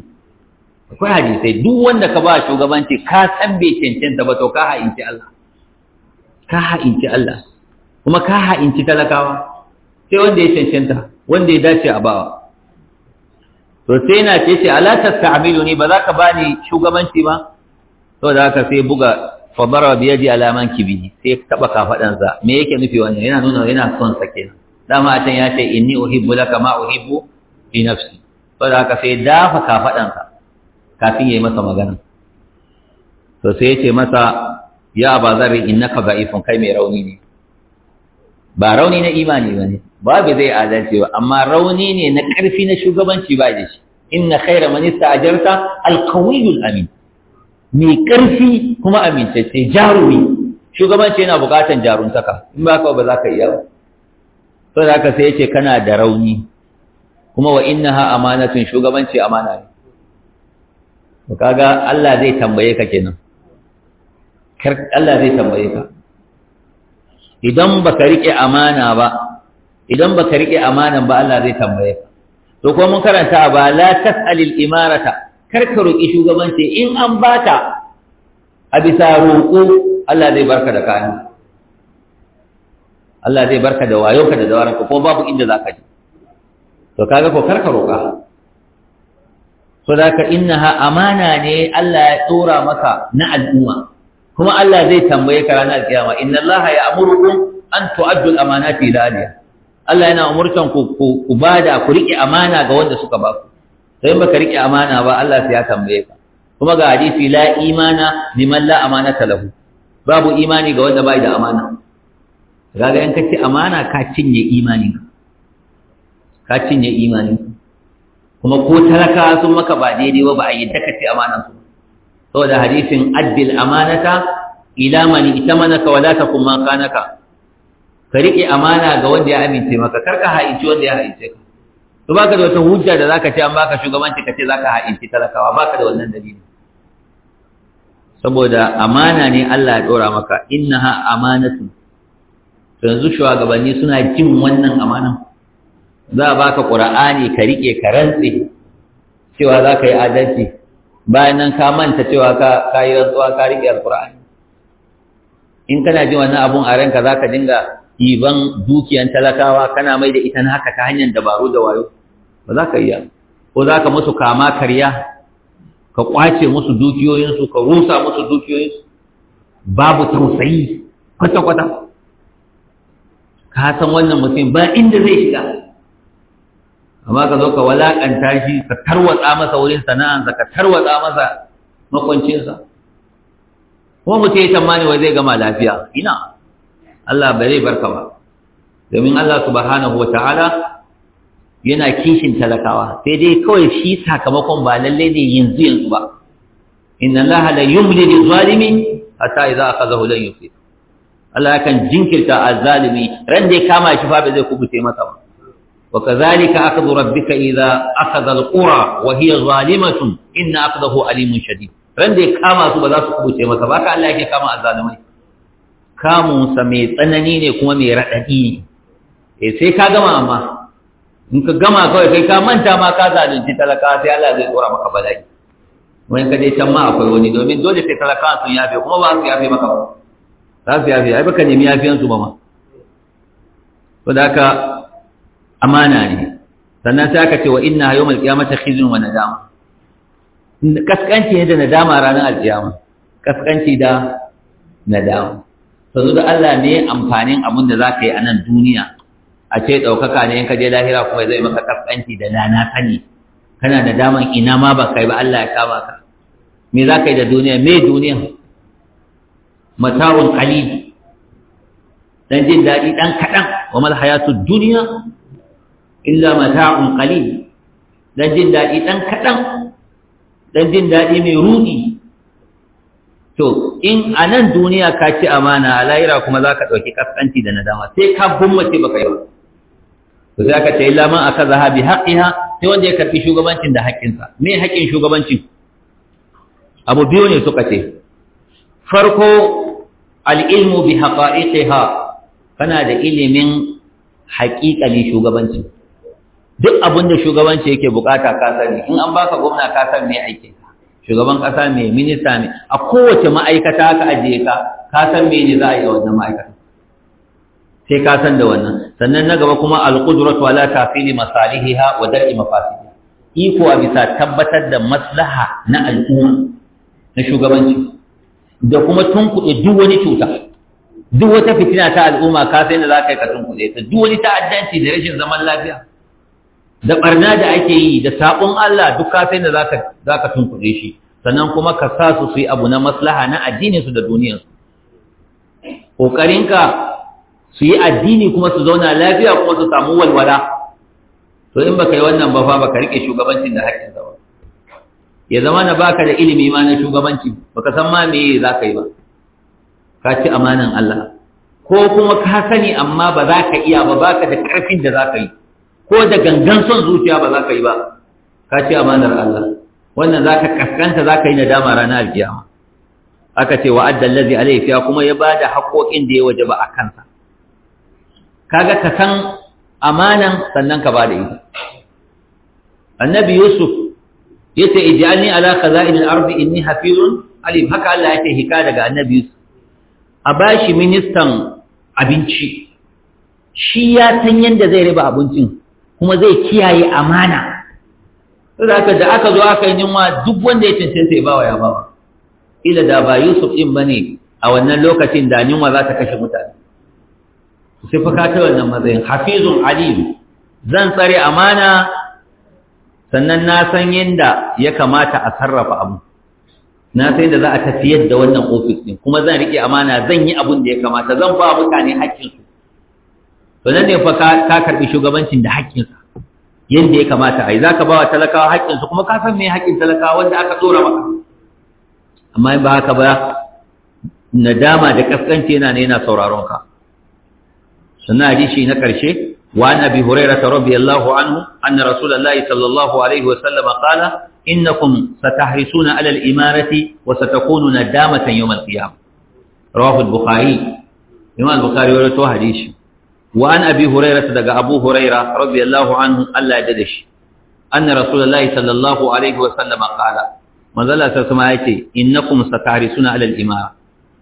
akwai hadisai duk wanda ka ba shugabanci ka san bai cancanta ba to ka ha'inci Allah ka ha'inci Allah kuma ka ha'inci talakawa sai wanda ya cancanta wanda ya dace a bawa to sai na ce ce ala tasta'milu ni ba za ka bani shugabanci ba saboda haka sai buga fa daraba bi yadi ala bi, sai taba kafadansa me yake nufi wannan yana nuna yana son sa kenan dama atan ya ce inni uhibbu laka ma uhibbu li nafsi saboda ka sai dafa kafadansa kafin yayi masa magana to sai yace masa ya abazari innaka da'ifun kai mai rauni ne ba rauni na imani bane babu zai adalci ba amma rauni ne na ƙarfi na shugabanci ba da shi inna khaira man ista'jarta al-qawiyyu al-amin mai ƙarfi kuma amincacce jarumi shugabanci yana buƙatar jaruntaka in ba ka ba za ka iya ba to da ka sai yace kana da rauni kuma wa innaha amanatun shugabanci amana ne to kaga Allah zai tambaye ka kenan Allah zai tambaye ka idan baka rike amana ba idan baka rike amanan ba Allah zai tambaye ka to kuma mun karanta ba la tasalil imarata kar ka roƙi shugabanci in an baka a bisa roƙo Allah zai barka da kayan Allah zai barka da wayonka da dawaranka ko babu inda za ka ji to kaga ko kar ka roƙa so da ka innaha amana ne Allah ya tsora maka na al'umma kuma Allah zai tambaye ka ranar kiyama inna Allah ya amurukum an tu'addu al-amanati ila Allah yana umurtan ku ku bada ku rike amana ga wanda suka ba ku sai ka rike amana ba Allah sai ya tambaye ka kuma ga hadisi la imana liman la amanata lahu babu imani ga wanda bai da amana kaga in kace amana ka cinye imani ka cinye imani kuma ko talaka sun maka ba daidai ba ba a yadda kace amana su saboda hadisin addil amanata ila man itamanaka wala takum ma kanaka ka rike amana ga wanda ya amince maka karka haici wanda ya haice ka to baka da wata hujja da zaka ce an baka shugabanci kace zaka ha'inci talakawa baka da wannan dalili saboda amana ne Allah ya dora maka innaha amanatu yanzu shugabanni suna jin wannan amana za a baka qur'ani ka rike ka rantse cewa zaka yi adalci bayan nan ka manta cewa ka kai rantsuwa ka rike alqur'ani in kana jin wannan abun a ranka zaka dinga ɗiban dukiyan talakawa kana mai da ita na haka ta hanyar dabaru da wayo ba za ka iya ko za ka musu kama karya ka kwace musu dukiyoyinsu ka rusa musu dukiyoyinsu babu tausayi kwata-kwata ka san wannan mutum ba inda zai shiga amma ka zo ka walakanta shi ka tarwatsa masa wurin sana'ansa ka tarwatsa masa makwancinsa ko mutum ya tamani wai zai gama lafiya ina Allah bai zai barka ba domin Allah subhanahu wa ta'ala yana kishin talakawa sai dai kawai shi sakamakon ba lalle ne yanzu yanzu ba inna allaha la yumli lil zalimi hatta idza akhadhahu lan yusib Allah kan jinkirta azzalimi ran da ya kama shi fa ba zai kubuce masa ba wa kadhalika akhdhu rabbika idza akhadha alqura wa hiya zalimatun inna akhdahu alimun shadid ran da ya kama su ba za su kubuce masa ba haka Allah yake kama azzalimai kamunsa mai tsanani ne kuma mai raɗaɗi ne eh, sai ka gama amma in ka gama kawai kai ka manta ma ka zalunci talaka sai Allah zai tsora maka bala'i wani ka je can ma akwai wani domin dole sai talaka sun yafe kuma ba su yafe maka ba za su yafe ai baka nemi yanzu ba ma to da haka amana ne sannan sai aka ce wa inna al qiyamati khizyun wa nadama kaskanci ne da nadama ranar al-qiyama kaskanci da nadama sanzu da Allah ne amfanin abin da za ka yi a nan duniya a ce ɗaukaka ne in ka je lahira kuma zai maka kaskanci da dana sani kana da daman ina ma ba kai ba Allah ya kama ka me za ka yi da duniya me duniya mata'un qalil dan jin daɗi ɗan kaɗan wa mal hayatu duniya illa mata'un qalil dan jin daɗi ɗan kaɗan dan jin daɗi mai ruɗi to in a nan duniya ka ci amana a lahira kuma za ka ɗauki kaskanci da nadama sai ka gummace baka yi ba to sai aka ce illa man aka zaha bi haqqiha sai wanda ya karbi shugabancin da haƙƙinsa me haƙƙin shugabanci abu biyu ne suka ce farko al-ilmu bi haqa'iqiha kana da ilimin haƙiƙanin shugabanci duk abin da shugabanci yake bukata ka sani in an baka gwamna ka san me aikin ka shugaban kasa me minista ne a kowace ma'aikata ka ajiye ka ka san me ne za a yi wannan ma'aikata sai ka san da wannan sannan na gaba kuma alqudratu ala tafili masalihiha wa dar'i mafasidiha iko a bisa tabbatar da maslaha na al'umma na shugabanci da kuma tunkuɗe duk wani cuta duk wata fitina ta al'umma ka sai da za ka yi ka tunkuɗe ta duk wani ta'addanci da rashin zaman lafiya da barna da ake yi da saƙon Allah duk ka sai da za ka tunkuɗe shi sannan kuma ka sa su su yi abu na maslaha na addininsu da duniyarsu ƙoƙarinka su yi addini kuma su zauna lafiya kuma su samu walwala to in baka yi wannan ba fa baka rike shugabancin da ka ba ya zama na baka da ilimi ma na shugabanci baka san ma me za ka yi ba ka ci amanan Allah ko kuma ka sani amma ba za ka iya ba baka da ƙarfin da za ka yi ko da gangan son zuciya ba za ka yi ba ka ci amanar Allah wannan za ka kaskanta za ka yi nadama ranar kiyama aka ce wa adda allazi alayhi fiya kuma ya bada haƙoƙin da ya waje ba a kansa kaga ka san amanan sannan ka bada ita annabi yusuf yace ij'alni ala khaza'in al-ardi inni hafizun alim haka Allah yace hika daga annabi yusuf a bashi ministan abinci shi ya san yanda zai riba abincin kuma zai kiyaye amana aka da aka zo aka yi yunwa duk wanda ya cancanta ya bawa ya bawa ila da ba yusuf din bane a wannan lokacin da yunwa za ta kashe mutane sai fa ka ta wannan matsayin hafizun alim zan tsare amana sannan na san yadda ya kamata a sarrafa abu na san yadda za a tafiyar da wannan ofis din kuma zan rike amana zan yi abun da ya kamata zan ba mutane haƙƙinsu to nan ne fa ka karɓi shugabancin da haƙƙinsa yadda ya kamata a zaka za ka ba wa talakawa haƙƙinsu kuma ka san me haƙƙin talakawa wanda aka tsora maka amma in ba haka ba nadama da ƙasƙanci yana ne yana sauraron ka sannan hadisi na ƙarshe. wa an abi hurairah radiyallahu anhu anna rasulullahi sallallahu alaihi wa wasallam qala innakum satahrisuna ala al-imarati wa satakununa damatan yawm al-qiyam rawahu al-bukhari imam al-bukhari ya rawaito hadisi wa an abi hurairata daga abu hurairah radiyallahu anhu Allah ya dade shi anna rasulullahi sallallahu alaihi wa wasallam qala manzala sai kuma yace innakum satarisuna ala al-imara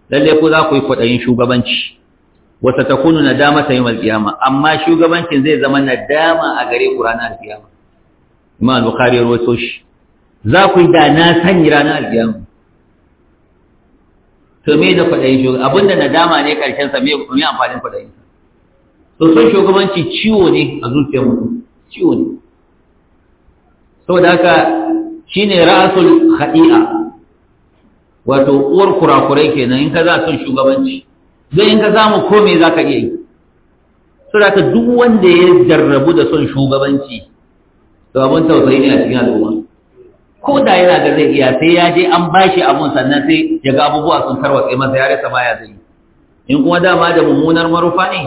lalle ku za ku yi kwadayin shugabanci wata na nadama ta yi malkiyama amma shugabancin zai zama nadama a gare ku ranar qiyama imam bukhari rawaito shi za ku yi da na sani ranar alkiyama to me da kwaɗayin shugaban abinda nadama ne karshen sa me me amfanin kwaɗayin sa to sun shugabanci ciwo ne a zuciyar mutum ciwo ne saboda haka shine ra'asul khadi'a wato uwar kurakurai kenan in ka za son shugabanci zai in ka samu ko me za ka iya yi saboda ka duk wanda ya jarrabu da son shugabanci to abin tausayi ne a cikin al'umma ko da yana da zai iya sai ya je an ba shi abun sannan sai ya ga abubuwa sun tarwatse masa ya rasa baya zai in kuma dama da mummunar marufa ne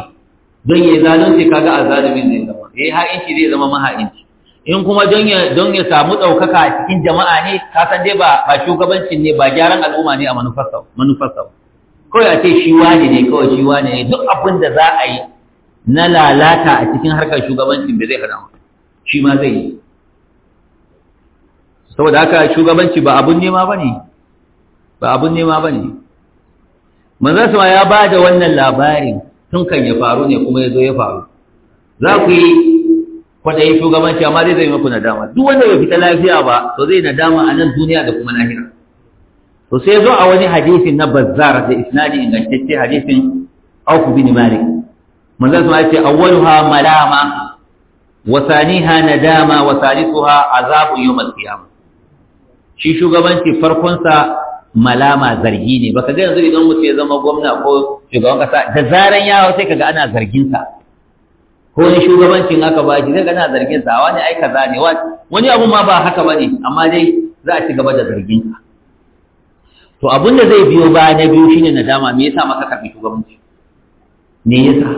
don ya zalunci kaga azalumin zai zama ya yi ha'inci zai zama maha'inci in kuma don ya samu ɗaukaka a cikin jama'a ne ka san dai ba shugabancin ne ba gyaran al'umma ne a manufarsa kawai a ce shi wani ne kawai shi wani ne duk abin da za a yi na lalata a cikin harkar shugabancin da zai hana mu shi ma zai yi saboda haka shugabanci ba abun nema ba ne ba abun nema ba ne manzan sama ya ba da wannan labarin tun kan ya faru ne kuma ya zo ya faru za ku yi kwaɗayin shugabanci amma zai zai maku nadama duk wanda bai fita lafiya ba to zai nadama a nan duniya da kuma lahira to sai zo a wani hadisin na bazzar da isnadi ingantacce hadisin Auf bin Malik manzon sun ce awwaluha malama wa saniha nadama wa thalithuha azabu yawm al shi shugabanci farkon sa malama zargi ne baka ga yanzu idan mutum ya zama gwamna ko shugaban kasa da zaran yawo sai kaga ana zargin sa ko ni shugabancin aka ba shi zai ga ana zargin sa wani ai kaza ne wani abu ma ba haka bane amma dai za a ci gaba da zargin sa to abin da zai biyo baya na biyu shine nadama me yasa maka kafi shugabanci me yasa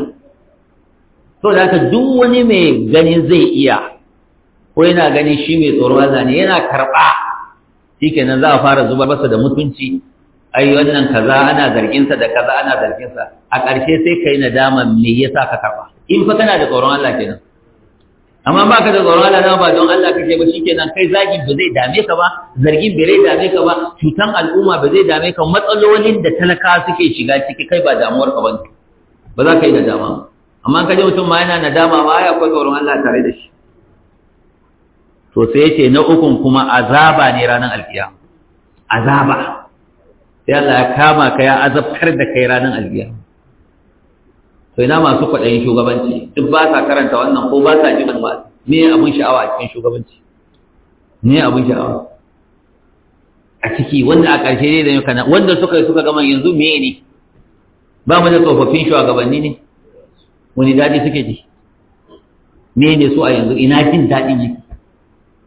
to da ka duk wani mai ganin zai iya ko yana ganin shi mai tsoron Allah ne yana karɓa shikenan za a fara zubar masa da mutunci ai wannan kaza ana zargin sa da kaza ana zargin sa a ƙarshe sai kai nadama me yasa ka karba in fa kana da tsoron Allah kenan amma ba ka da tsoron Allah na ba don Allah kake ba shikenan kai zagin ba zai dame ka ba zargin ba zai dame ka ba cutan al'umma ba zai dame ka matsalolin da talaka suke shiga ciki kai ba damuwar ka ba ba za ka yi nadama amma ka ji mutum ma yana nadama ba ya akwai tsoron Allah tare da shi to sai yace na ukun kuma azaba ne ranar alkiyama azaba sai Allah ya kama ka ya azabtar da kai ranar alkiyama to ina masu kwaɗayin shugabanci duk ba sa karanta wannan ko ba sa jin wa ne abun sha'awa a cikin shugabanci ne abun sha'awa a ciki wanda a ƙarshe ne da yuka wanda suka yi suka gama yanzu me ne ba mu da tsofaffin shugabanni ne wani daɗi suke ji me ne su a yanzu ina jin daɗi ne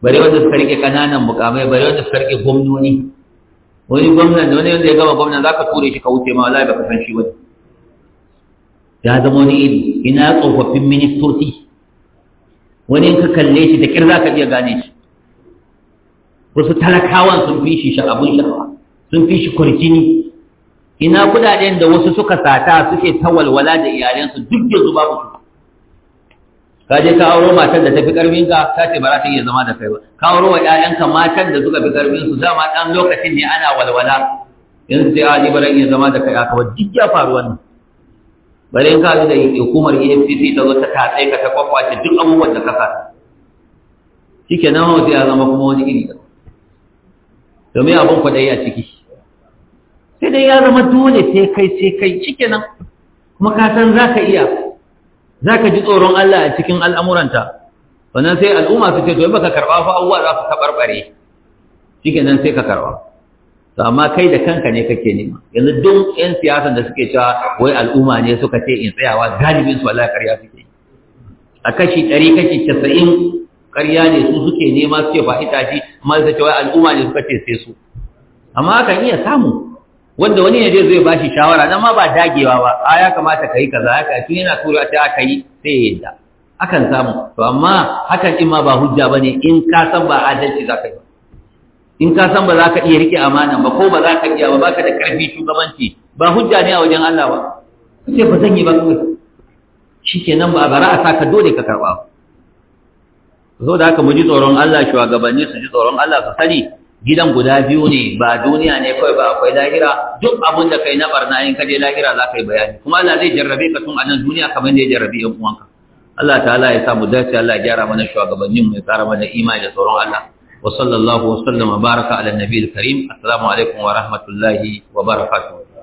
bare wanda suka rike kananan mukamai bare wanda suka rike gwamnoni wani gwamnan da wani wanda ya gama gwamnan za ka tura shi ka wuce ma wallahi baka san shi wani ya zama wani iri ina tsofaffin ministoci wani in ka kalle shi da kirza ka iya gane shi wasu talakawan sun fi shi abun sha'awa sun fi shi kurkini ina kudaden da wasu suka sata suke tawalwala da iyalansu duk yanzu babu su ka je ka auro matar da tafi karfin ka ta ce ba za ta iya zama da kai ba ka auro wa ƴaƴanka matan da suka fi karfin su dama dan lokacin ne ana walwala yanzu sai a ji ba zan iya zama da kai aka ba duk ya faru wannan bare in ka da hukumar EFCC ta zo ta tatsai ka ta kwakwace duk abubuwan da ka sa ke nan wata ya zama kuma wani iri da domin abin kwaɗayi a ciki sai dai ya zama dole sai kai sai kai ke nan kuma ka san za ka iya za ka ji tsoron Allah a cikin al'amuranta wannan sai al'umma su ce to baka karɓa fa abubuwa za su taɓarɓare ke nan sai ka karɓa to amma kai da kanka ne kake nema yanzu duk yan siyasan da suke cewa wai al'umma ne suka ce in tsayawa galibin su wallahi ƙarya suke a kashi ɗari kashi casa'in ƙarya ne su suke nema suke ba itaci amma su ce wai al'umma ne suka ce sai su amma hakan iya samu wanda wani ne zai ba shi shawara nan ma ba dagewa ba a ya kamata ka yi kaza haka shi yana tura ta aka yi sai ya yadda akan samu to amma hakan in ma ba hujja bane in ka san ba adalci za ka yi in ka san ba za ka iya rike amana ba ko ba za ka iya ba baka da karfi shugabanci ba hujja ne a wajen Allah ba kace ba zan yi ba kawai shikenan ba bara a saka dole ka karba so da haka mu ji tsoron Allah shugabanni su ji tsoron Allah su sani gidan guda biyu ne ba duniya ne kawai ba akwai lahira duk abin da kai na barna in ka je lahira za ka yi bayani kuma Allah zai jarrabe ka tun a nan duniya kamar da ya jarrabe yan uwanka Allah ta'ala ya mu dace Allah ya gyara mana shugabannin mu ya tsara mana imani da tsoron Allah wa sallallahu wa baraka ala nabiyil karim assalamu alaikum wa rahmatullahi wa barakatuh